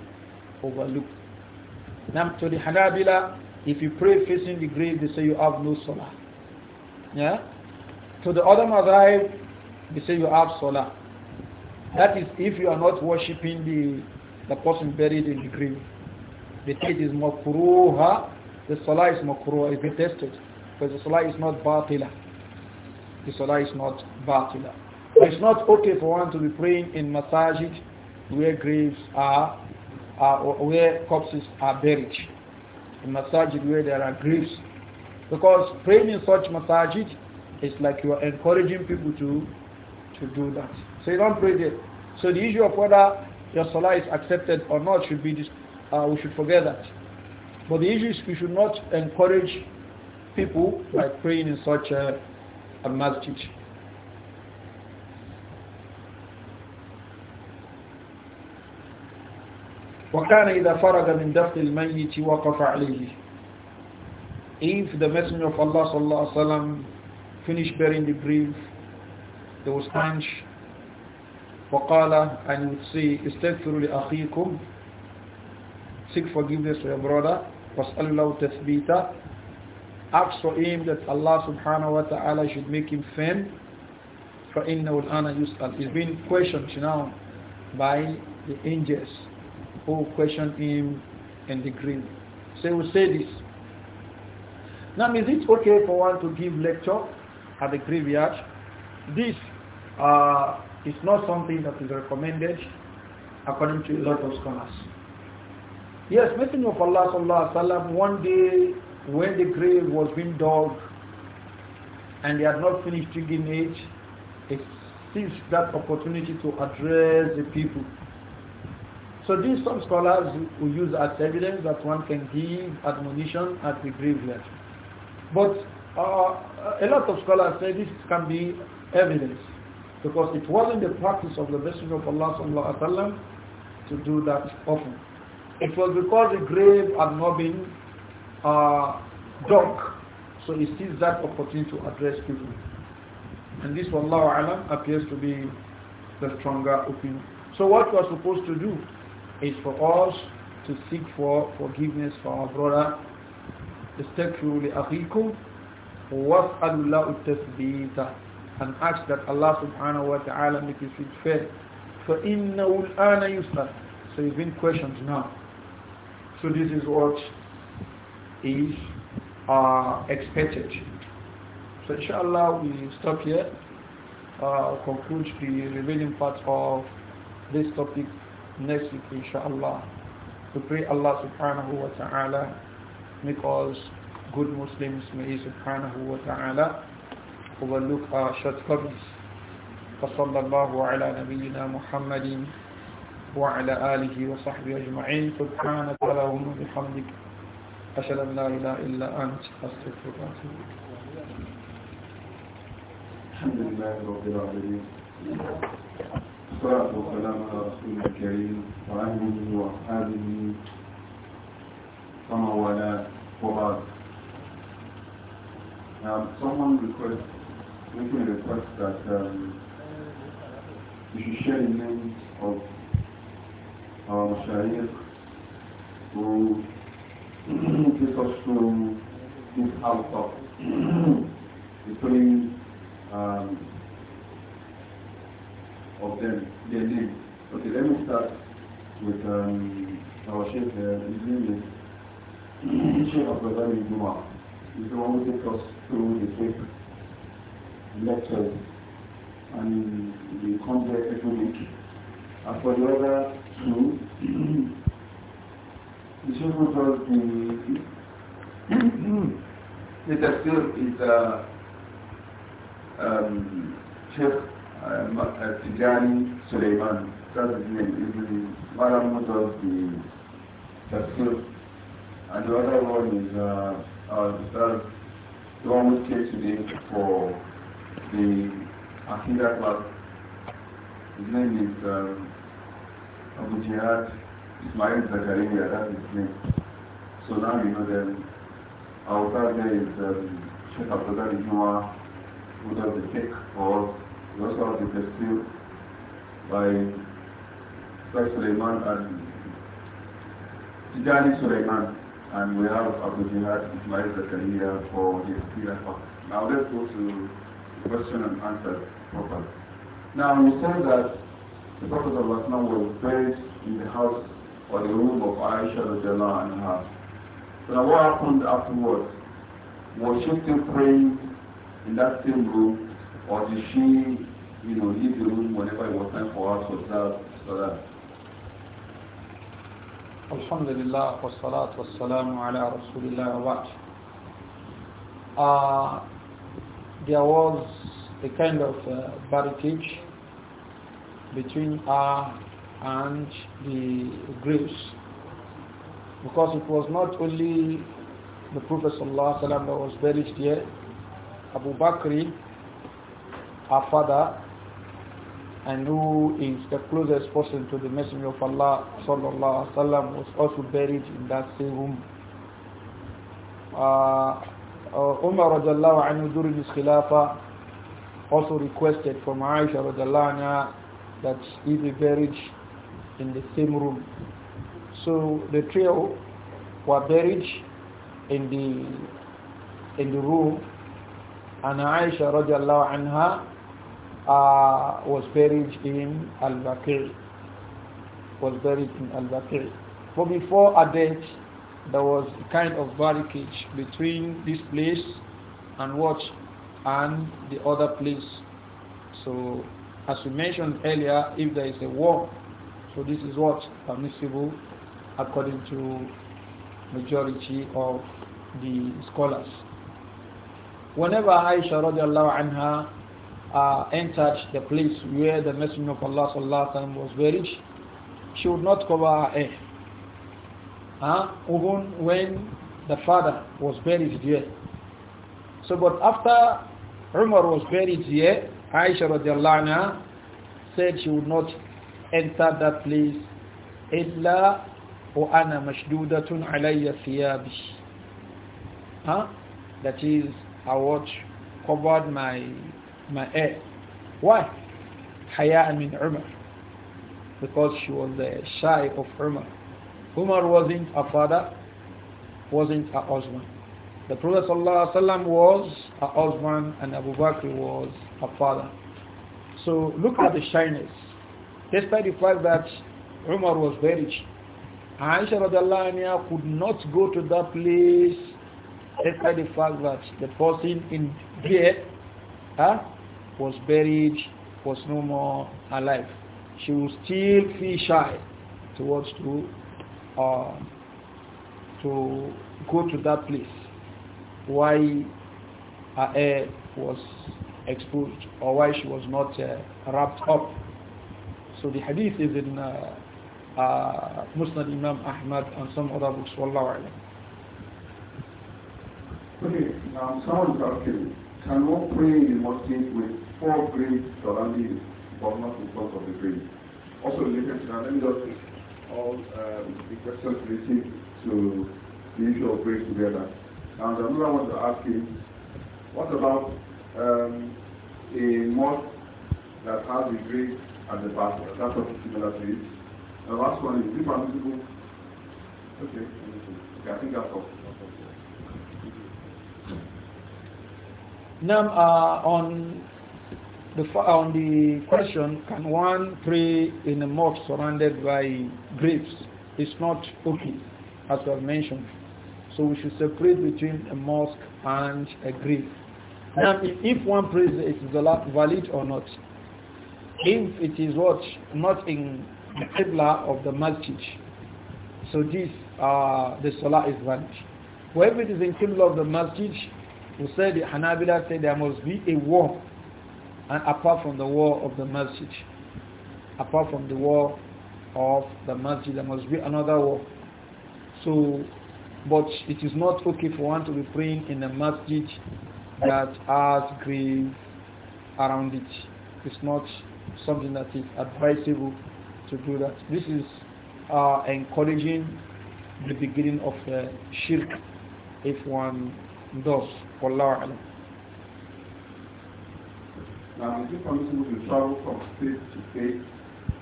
overlooked. Now to the Hanabila, if you pray facing the grave, they say you have no salah. Yeah? To the other madhab, they say you have salah. That is if you are not worshipping the the person buried in the grave. The deed is makruha, the salah is makruha, is tested, Because the salah is not batila. The salah is not batila. It's not okay for one to be praying in masajid where graves are, are where corpses are buried. In masajid where there are graves. Because praying in such masajid is like you are encouraging people to to do that. So you don't pray there. So the issue of whether your salah is accepted or not should be, uh, we should forget that. But the issue is we should not encourage people by praying in such a, a masjid. وكان إذا فرغ من دفن الميت وقف عليه If the Messenger of Allah صلى الله عليه وسلم finished burying the grave, there was stand وقال and would say استغفروا لأخيكم seek forgiveness for your brother واسأل له تثبيتا ask for him that Allah subhanahu wa ta'ala should make him firm فإنه الآن يسأل he's been questioned now by the angels who questioned him and the grave so we say this now is it okay for one to give lecture at the graveyard this uh, it's not something that is recommended according to a lot of scholars. Yes, Messenger of Allah sallallahu alaihi wasallam one day when the grave was being dug and they had not finished digging it, it seized that opportunity to address the people. So these some scholars who use as evidence that one can give admonition at the graveyard. But uh, a lot of scholars say this can be evidence because it wasn't the practice of the Messenger of Allah sallallahu alaihi wasallam to do that often. It was because the grave had not been uh, dug. So he sees that opportunity to address people. And this, Wallahu Alam, appears to be the stronger opinion. So what we're supposed to do is for us to seek for forgiveness for our brother. استغفروا لأخيكم واسألوا الله التثبيت and ask that Allah subhanahu wa ta'ala make his feet fair. ul ana يُسْأَلْ So you've been questioned now. So this is what is uh, expected. So inshallah we stop here. Uh, conclude the remaining part of this topic next week inshallah. We pray Allah subhanahu wa ta'ala make us good Muslims. May He subhanahu wa ta'ala وبلغها شتفرز فصلى الله على نبينا محمد وعلى آله وصحبه أجمعين سبحانك اللهم وبحمدك أشهد أن لا إله إلا أنت أستغفرك وأتوب
الحمد لله رب العالمين الصلاة والسلام على رسول الكريم وأهله وأصحابه ومن والاه وبعد Now, someone requested making a request that um, should share the names of our Mashaykh who took us through this house of the um, of them, their names. Okay, let me start with um, our Sheikh, uh, his name is Sheikh Abdullah He's the one who takes us through the trip lectures and the come there every And for the other two, the children does the the tafsir is a uh, um, Sheikh uh, uh, Tijani Suleiman. That's his name. Is the Madam who does the tafsir. And the other one is uh, uh, the one who came today for the Akida class. His name is um, Abu Jihad Ismail Zakaria, that's his name. So now you know them. Our third is um, Sheikh Abdullah Ijuma, who does the cake for us. We also have the pastry by Sheikh Suleiman and Tijani Suleiman. And we have Abu Jihad Ismail Zakaria for the Akira class. Now let's go to question and answered properly. Now you said that the Prophet of Islam was buried in the house or the room of Aisha and her. So now what happened afterwards? Was she still praying in that same room or did she you know, leave the room whenever it was time for us to observe Salah.
Alhamdulillah, wassalamu ala rasulillah wa there was a kind of uh, barricade between her and the graves because it was not only the Prophet ﷺ that was buried there, Abu Bakr, her father, and who is the closest person to the Messenger of Allah sallallahu alaihi wasallam was also buried in that same room. Uh, uh, Umar radiallahu anhu during his khilafah also requested from Aisha radiallahu anha that he be buried in the same room. So the trio were buried in the in the room and Aisha radiallahu anha uh, was buried in Al-Baqir was buried in Al-Baqir but before a death there was a kind of barricade between this place and what and the other place. So as we mentioned earlier, if there is a war, so this is what permissible according to majority of the scholars. Whenever Aisha radiallahu anha uh, entered the place where the Messenger of Allah was buried, she would not cover her head huh? even when the father was buried there. So but after Umar was buried here, Aisha radiallahu anha said she would not enter that place illa wa ana mashdudatun alayya thiyabi. Huh? That is I watch covered my my hair. Why? Haya min Umar. Because she was the shy of Umar. Umar wasn't a father, wasn't a husband. The Prophet ﷺ was a husband and Abu Bakr was a father. So look at the shyness. Despite the fact that Umar was very rich, Aisha radiallahu could not go to that place despite the fact that the person in there huh, was buried, was no more alive. She would still feel shy towards to uh, to go to that place why her hair was exposed or why she was not uh, wrapped up. So the hadith is in uh, uh, Musnad Imam Ahmad and some other books. Wallahu alam.
Okay, someone is asking, can one pray in mosque with four graves surrounding but not in front of the grave? Also related to that, let me just all um, the questions related to the issue of grace together. And another one to ask is, what about um, a mosque that has a grave at the back? That's what is similar to it. The last one is, is it permissible? Okay. okay, I think that's all.
Now, uh, on the, on the question, can one pray in a mosque surrounded by graves? It's not okay, as I've mentioned. So we should separate between a mosque and a grave. Now, if one prays, it is valid or not. If it is what not in the qibla of the masjid, so this uh, the salah is valid. Wherever it is in qibla of the masjid, we said the Hanabila say there must be a wall and apart from the wall of the masjid apart from the wall of the masjid there must be another wall so but it is not okay for one to be praying in a masjid
that has
grave around it it's not something that is advisable to do that this is uh, encouraging the beginning of uh, shirk if one does. Wallahu
now, is it permissible to travel from state to state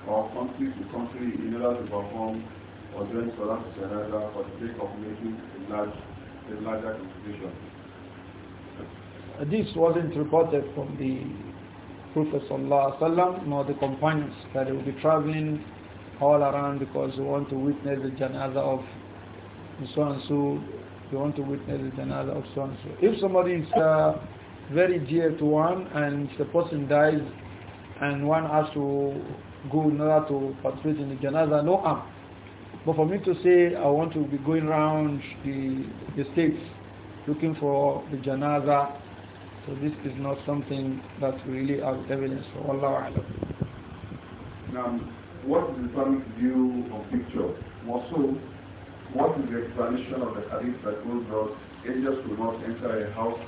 or country to country in order to perform or join Salah to Janaza for the sake of making a, large, a larger contribution?
Uh, this wasn't reported from the Prophet Sallallahu nor the companions that they will be traveling all around because they want to witness the Janaza of so and so, they want to witness the Janaza of so and so. If somebody is uh, very dear to one and the person dies and one has to go in order to participate in the janaza, no harm. But for me to say I want to be going around the, the states looking for the janaza, so this is not something that really have evidence for. Allah
Now, what is the Islamic view of picture? what is the explanation of the hadith that goes thus, angels will not enter a house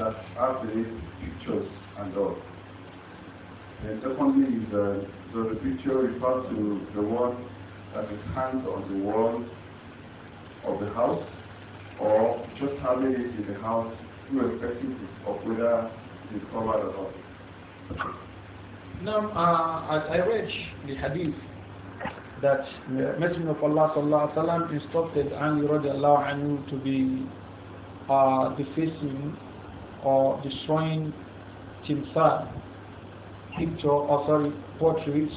that have the pictures and all. And secondly is uh, so the picture refers to the one that is hands on the wall of the house or just having it in the house irrespective of whether it is covered or not.
Now, uh, as I read the hadith that the Messenger of Allah sallallahu alaihi wasallam instructed Ali radiallahu anhu to be uh, defacing or destroying timsal, picture, or oh, sorry, portraits,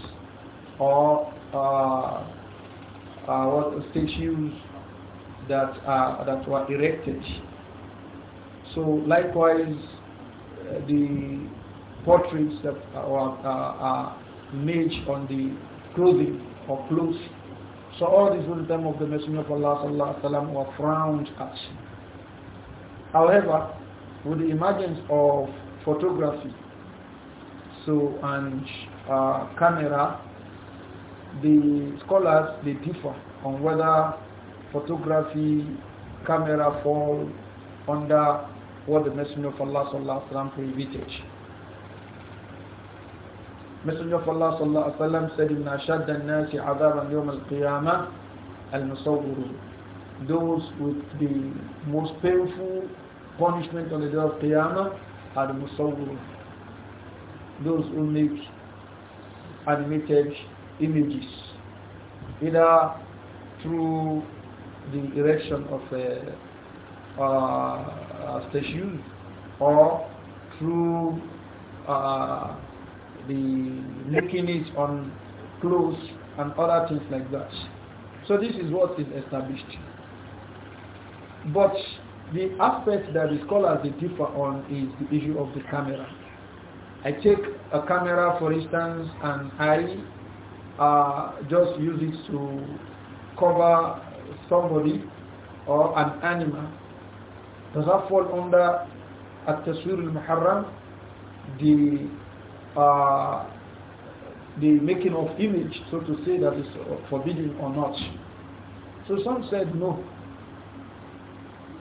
or uh, uh, what, statues that, uh, that were erected. So likewise, uh, the portraits that are, are uh, uh, made on the clothing or clothes. So all these them of the Messenger of Allah sallallahu alaihi wasallam were frowned at. However, with the emergence of photography so and uh, camera the scholars they differ on whether photography camera fall under what the messenger of allah sallallahu alaihi wasallam prohibited messenger of allah sallallahu alaihi wasallam said in ashad an-nas adaban yawm al-qiyamah al-musawwirun those with the most painful punishment on the day of Qiyamah are the Musawwir, those who make animated images, either through the erection of a, uh, a uh, uh, statue or through uh, the making it on clothes and other things like that. So this is what is established. But the aspect that the scholars differ on is the issue of the camera. I take a camera, for instance, and I uh, just use it to cover somebody or an animal. Does that fall under التصوير المحرم the uh, the making of image so to say that is forbidden or not so some said no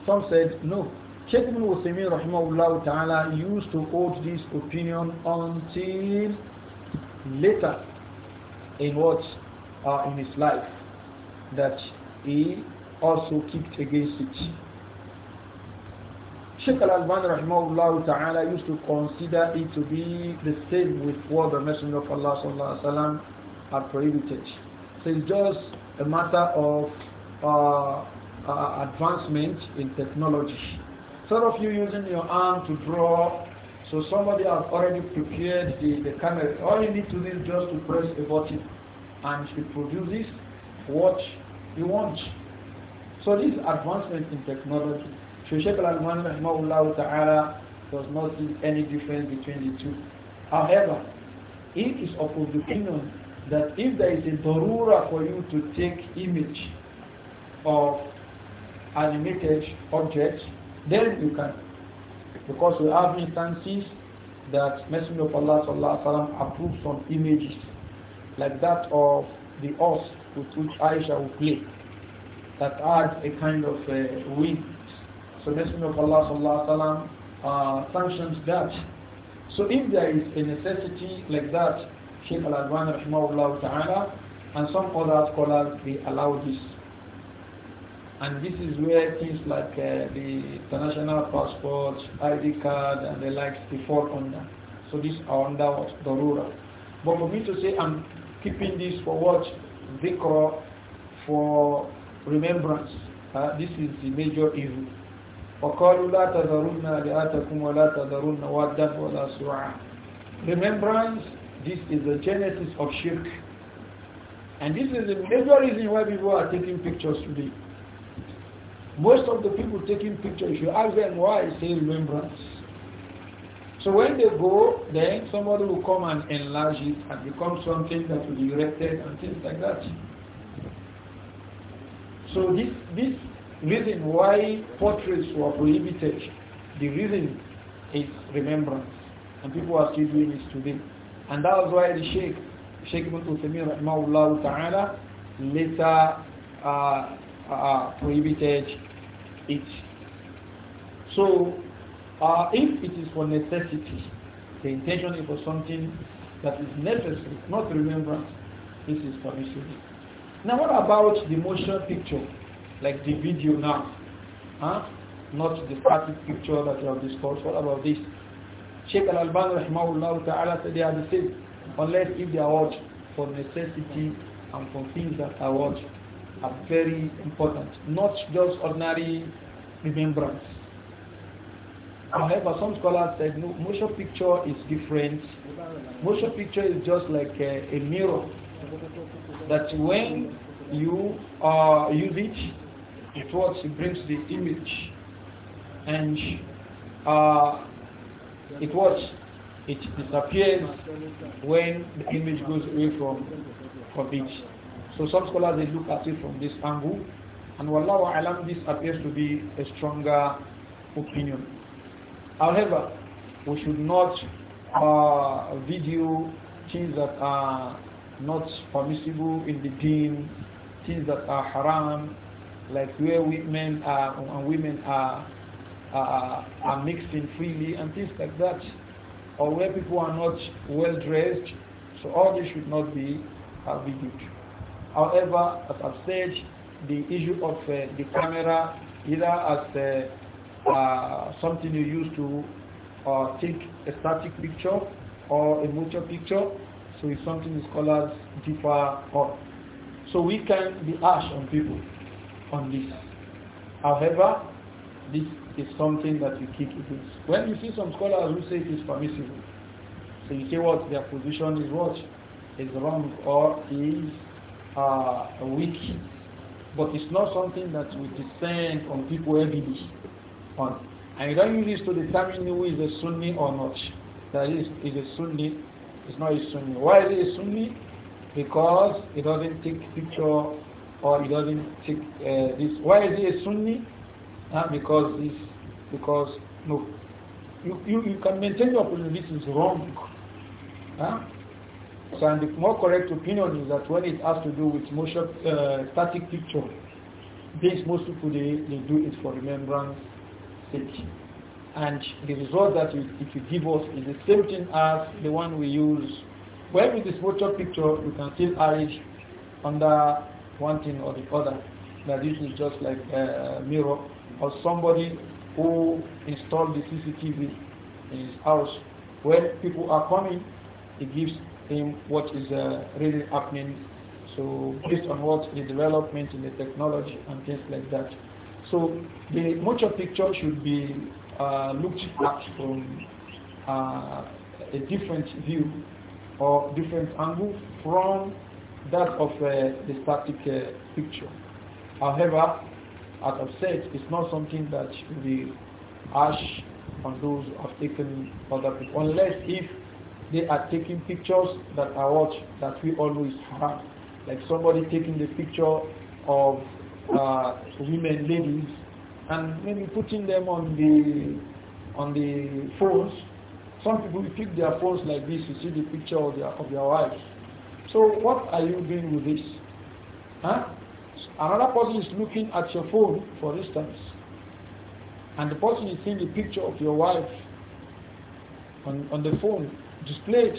some said, no. Sheikh Ibn Uthaymeen rahimahullah ta'ala used to hold this opinion until later in what uh, in his life that he also kicked against it. Sheikh Al-Alban rahimahullah ta'ala used to consider it to be the same with what the Messenger of Allah sallallahu alaihi wasallam had prohibited. So it's just a matter of uh, uh, advancement in technology. Some of you using your arm to draw, so somebody has already prepared the, the camera. All you need to do is just to press a button and it produces what you want. So this advancement in technology. Sheikh Al-Alman ta'ala does not see any difference between the two. However, it is of the opinion that if there is a darura for you to take image of animated objects, then you can. Because we have instances that Messenger of Allah sallallahu sallam, approves on images, like that of the horse with which Aisha would play, that adds a kind of uh, wing. So Messenger of Allah sallallahu sallam, uh, sanctions that. So if there is a necessity like that, Sheikh Al-Adwan rahimahullah ta'ala and some other scholars, they allow this and this is where things like uh, the international passport, ID card, and the likes, default on under. So these are under the rural. But for me to say I'm keeping this for what? Dhikra, for remembrance. Uh, this is the major evil. وقالوا لا تذرن لآتكم ولا تذرن ودا ولا سواعا Remembrance, this is the genesis of shirk. And this is the major reason why people are taking pictures today. Most of the people taking pictures, you ask them why, say remembrance. So when they go, then somebody will come and enlarge it and become something that will be erected and things like that. So this, this reason why portraits were prohibited, the reason is remembrance. And people are still doing this today. And that was why the Sheikh, Sheikh Ibn Uthaymeen Rahimahullah Ta'ala, later uh, uh, uh, prohibited it. So, uh, if it is for necessity, the intention is for something that is necessary, not remembrance, this is permissible. Now, what about the motion picture, like the video now? Huh? Not the static picture that you have discussed. What about this? Sheikh Al-Alban, rahmahullah ta'ala, said they are the same, unless if they are watched for necessity and for things that are watched are very important, not just ordinary remembrance. However, some scholars said no, motion picture is different. Motion picture is just like a, a mirror that when you uh, use it, it it brings the image and uh, it what it disappears when the image goes away from, from it. So some scholars they look at it from this angle, and wallahu alam, this appears to be a stronger opinion. However, we should not uh, video things that are not permissible in the deen, things that are haram, like where women are, and women are, uh, are, are mixing freely and things like that, or where people are not well dressed. So all this should not be uh, videoed. However, as I've said, the issue of uh, the camera, either as uh, uh, something you use to uh, take a static picture or a motion picture, so it's something the scholars differ on. So we can be harsh on people on this. However, this is something that we kick against. When you see some scholars who say it is permissible, so you say what their position is what is wrong or is uh, weak, but it's not something that we descend on people heavily on. And you don't use this to determine who is a Sunni or not. That is, is a Sunni, It's not a Sunni. Why is he a Sunni? Because he doesn't take picture or he doesn't take uh, this. Why is he a Sunni? Uh, because this, because no, you, you, you can maintain your position. This is wrong. Huh? So and the more correct opinion is that when it has to do with motion, uh, static picture, this most people they, they do it for remembrance sake. And the result that it, it give us is the same thing as the one we use. When with this motion picture, we can still argue under one thing or the other. That this is just like a mirror or somebody who installed the CCTV in his house. When people are coming, it gives him what is uh, really happening. So based on what the development in the technology and things like that. So the of picture should be uh, looked at from uh, a different view or different angle from that of uh, the static uh, picture. However, as I've said, it's not something that we ash on those who have taken other people, unless if they are taking pictures that are what that we always have. Like somebody taking the picture of uh, women, ladies, and maybe putting them on the on the phones. Some people pick their phones like this. You see the picture of their of their wife. So what are you doing with this? Huh? Another person is looking at your phone, for instance, and the person is seeing the picture of your wife on, on the phone displayed.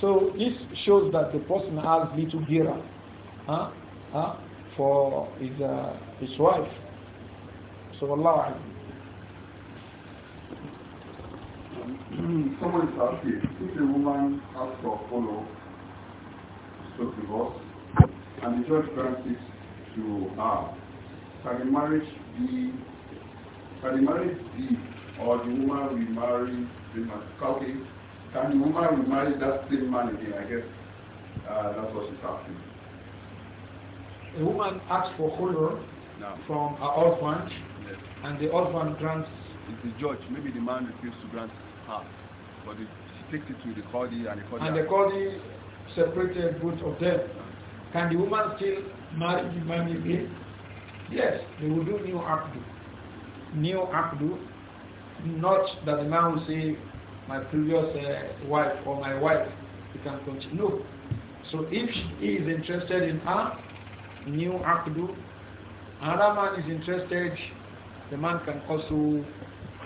So this shows that the person has little gira huh? Huh? for his, uh, his wife.
So Allah um, Someone is asking, if a woman asks for follow, so divorce, and the judge grants it to her, can the marriage be, can the marriage be, or the woman remarry? marry the man? Can the woman remarry that same man again? I guess uh, that's what she's asking. A woman asks for khulur no. from her husband, yes. and the husband grants. It's the judge. Maybe the man refuses to grant her, but it's she takes it to the qadi and the qadi. And the
qadi separated both of them. Can the woman still marry the man again? Yes, they will do new akdu. New akdu, not that the man will say my previous uh, wife or my wife. You can continue. No. So if he is interested in her, new akdu, another man is interested, the man can also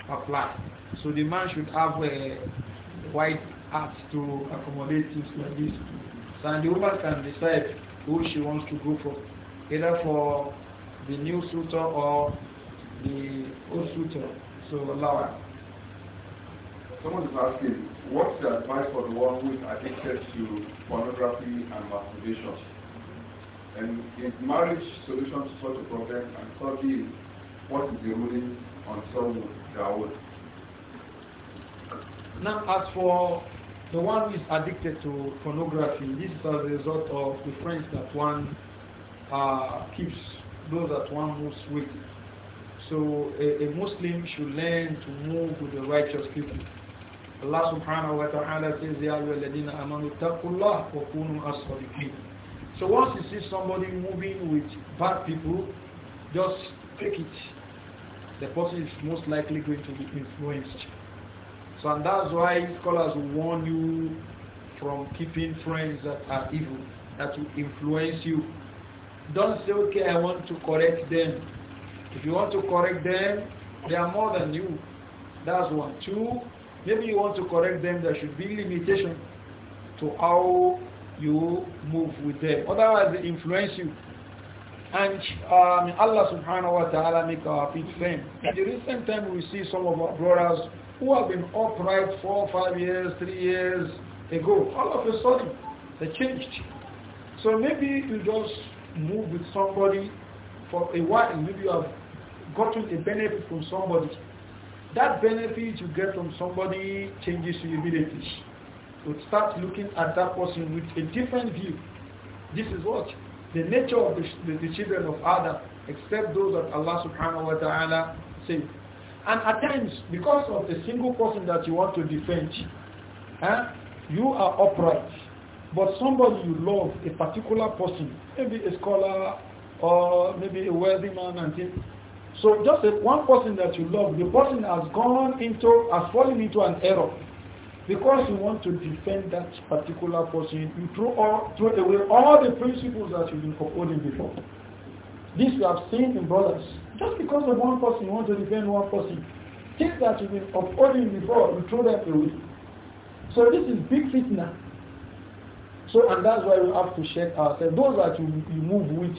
apply. So the man should have a white heart to accommodate things like this. So and the woman can decide who she wants to go for, either for the new suitor or the old suitor. So Allah.
Someone is asking, what's the advice for the one who is addicted to pornography and masturbation? And is marriage solution to such a problem? And thirdly, what is the ruling on Saul Dawood?
Now, as for the one who is addicted to pornography, this is as a result of the friends that one uh, keeps, those that one moves with. So a, a Muslim should learn to move with the righteous people Allah subhanahu wa ta'ala says, Ya ayyuhalladhina amanu taqullaha wa kunu as-sadiqin. So once you see somebody moving with bad people, just take it. The person is most likely going to be influenced. So and that's why scholars warn you from keeping friends that are evil, that will influence you. Don't say, okay, I want to correct them. If you want to correct them, they are more than you. That's one. Two, Maybe you want to correct them, there should be limitation to how you move with them. Otherwise, they influence you. And um, Allah subhanahu wa ta'ala make our feet firm. In the recent time, we see some of our brothers who have been upright four, five years, three years ago. All of a sudden, they changed. So maybe you just move with somebody for a while. Maybe you have gotten a benefit from somebody that benefit you get from somebody changes you immediately. So start looking at that person with a different view. This is what? The nature of the, the, the children of Adam, except those that Allah subhanahu wa ta'ala saved. And at times, because of the single person that you want to defend, eh, you are upright. But somebody you love, a particular person, maybe a scholar or maybe a wealthy man and things, so just a, one person that you love, the person has gone into, has fallen into an error. Because you want to defend that particular person, you throw, all, throw away all the principles that you've been upholding before. This we have seen in brothers. Just because of one person, you want to defend one person. Things that you've been upholding before, you throw them away. So this is big fitna. So and that's why we have to check ourselves. Those that you, you move with,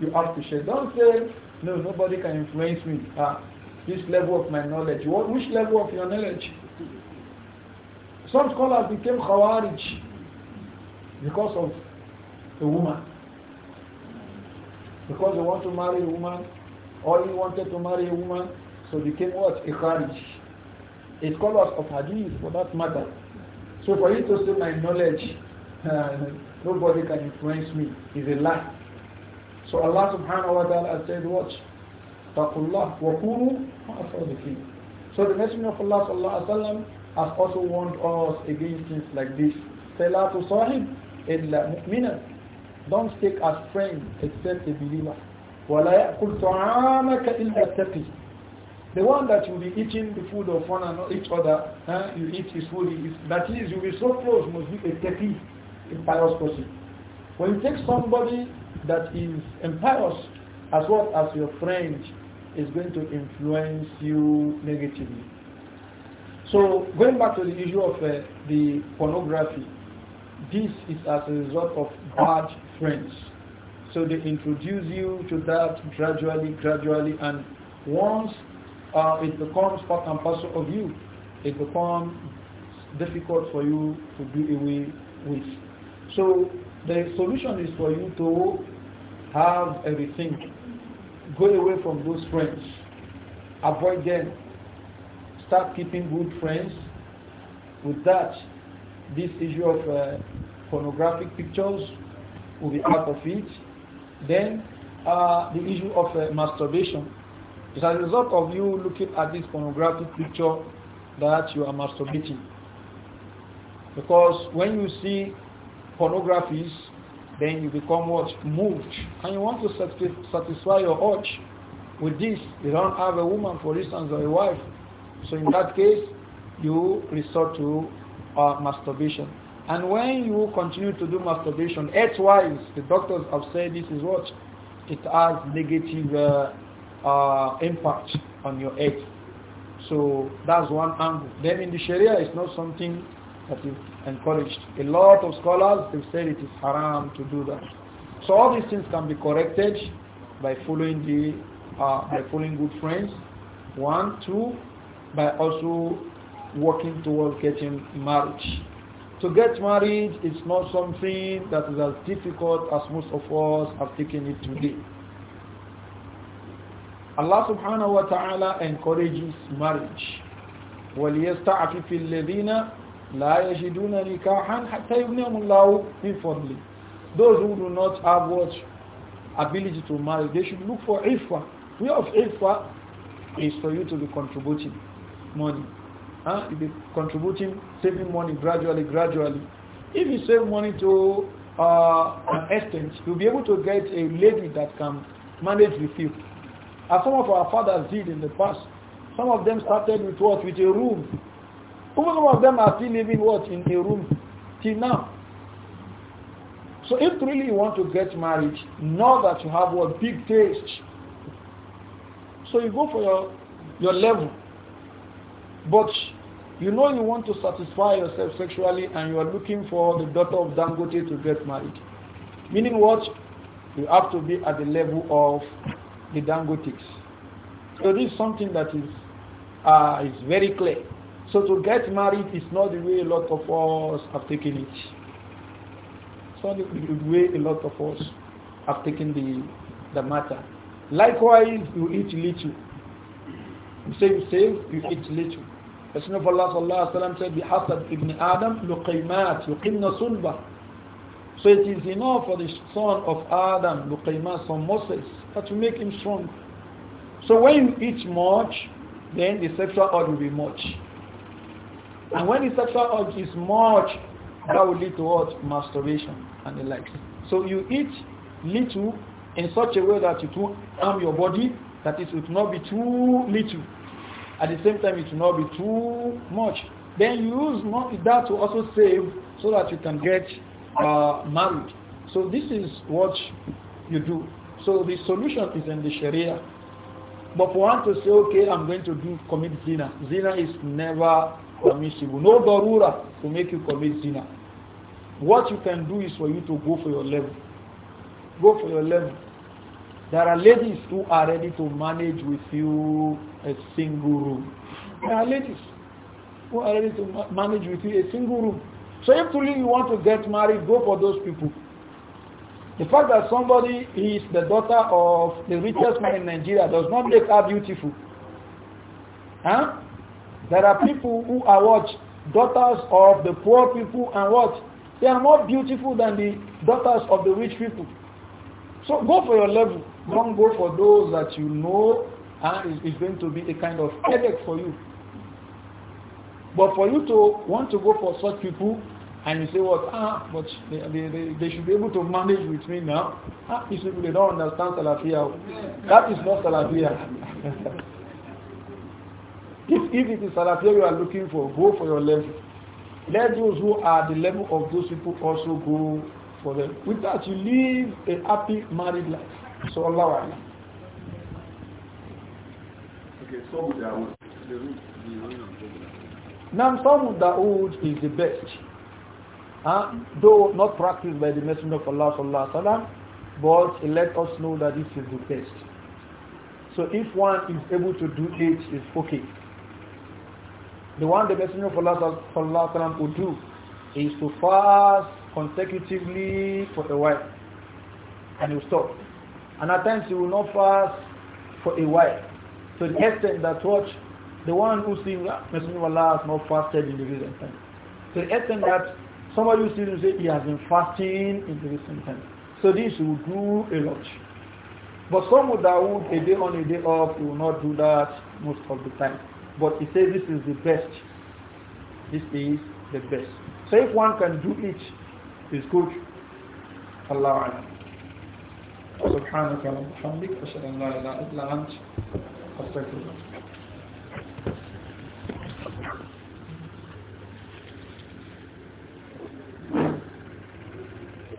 you have to check. Don't say no, nobody can influence me. Ah, this level of my knowledge. What, which level of your knowledge? Some scholars became Khawarij because of a woman. Because they want to marry a woman, or he wanted to marry a woman, so became what? A Kharij. A scholar of Hadith for that matter. So for you to say my knowledge, uh, nobody can influence me is a lie. So Allah subhanahu wa ta'ala said, watch. Taqullah wa kunu So the Messenger of Allah sallallahu alayhi wa sallam has also warned us against things like this. Salatu sahib illa mu'mina. Don't take as friend except a believer. وَلَا يَأْكُلْ طَعَامَكَ إِلَّا التَّقِي The one that will be eating the food of one another, each other, huh? Eh, you eat his food, that is, you will so close, must be a teqi, a pious possible." When you take somebody that is impious as well as your friend is going to influence you negatively. So going back to the issue of uh, the pornography, this is as a result of bad friends. So they introduce you to that gradually, gradually, and once uh, it becomes part and parcel of you, it becomes difficult for you to do away with. So the solution is for you to have everything. Go away from those friends. Avoid them. Start keeping good friends. With that, this issue of uh, pornographic pictures will be out of it. Then uh, the issue of uh, masturbation. It's as a result of you looking at this pornographic picture that you are masturbating. Because when you see pornographies, then you become what? Moved. And you want to satisfy your urge with this. You don't have a woman, for instance, or a wife. So in that case, you resort to uh, masturbation. And when you continue to do masturbation, earthwise, the doctors have said this is what? It has negative uh, uh, impact on your health. So that's one angle. Then in the Sharia, it's not something that is encouraged. A lot of scholars have said it is haram to do that. So all these things can be corrected by following the uh, by following good friends. One, two, by also working towards getting marriage. To get married is not something that is as difficult as most of us have taken it to be. Allah subhanahu wa ta'ala encourages marriage. وَلْيَسْتَعْفِفِ الَّذِينَ لا يجدون نكاحا حتى يغنيهم الله those who do not have what ability to marry they should look for ifwa way of ifwa is for you to be contributing money huh? you be contributing saving money gradually gradually if you save money to uh, an extent you'll be able to get a lady that can manage with you as some of our fathers did in the past some of them started with what with a room even some of them are still living what? In a room till now. So if really you want to get married, know that you have what? Big taste. So you go for your, your level. But you know you want to satisfy yourself sexually and you are looking for the daughter of Dangote to get married. Meaning what? You have to be at the level of the Dangotes. So this is something that is, uh, is very clear. So to get married is not the way a lot of us have taken it. It's not the way a lot of us have taken the, the matter. Likewise, you eat little. You say you save, you eat little. Messenger of Allah sallallahu alayhi wa said, بِحَسَبْ ibn Adam لُقَيْمَاتْ يُقِمْنَ صُلْبًا So it is enough for the son of Adam, Luqaymat, son Moses, that to make him strong. So when you eat much, then the sexual urge will be much. And when the sexual urge is much, that will lead towards masturbation and the likes. So you eat little in such a way that it will harm your body, that it will not be too little. At the same time, it will not be too much. Then you use that to also save so that you can get uh, married. So this is what you do. So the solution is in the Sharia. But for one to say, okay, I'm going to do commit zina. Zina is never permissible. No darura to make you commit zina. What you can do is for you to go for your level. Go for your level. There are ladies who are ready to manage with you a single room. There are ladies who are ready to ma manage with you a single room. So if truly you want to get married, go for those people. The fact that somebody is the daughter of the richest man in Nigeria does not make her beautiful. Huh? There are people who are what? Daughters of the poor people and what? They are more beautiful than the daughters of the rich people. So go for your level. Don't go for those that you know and it's going to be a kind of headache for you. But for you to want to go for such people and you say what, well, ah, but they, they, they, should be able to manage with me now. Ah, people, they don't understand Salafia. That is not
Salafia.
If, if it is Salafia you are looking for, go for your level. Let those who are the level of those people also go for them. With that, you live a happy married life. So Allah
Okay, some Dawood.
Now, some old is the best. Huh? Though not practiced by the Messenger of Allah sallallahu alaihi wasallam, but let us know that this is the best. So if one is able to do it, it's okay. The one the Messenger of Allah would do is to fast consecutively for a while. And he will stop. And at times he will not fast for a while. So the extent that watch the one who sees Messenger of Allah has not fasted in the recent time. So the extent that somebody who sees you say he has been fasting in the recent time. So this will do a lot. But some would that would a day on a day off, he will not do that most of the time. But he says this is the best. This is the best. So if one can do it, it's good. Allah سبحانك وبحمدك أشهد أن لا إله إلا أنت
أستغفرك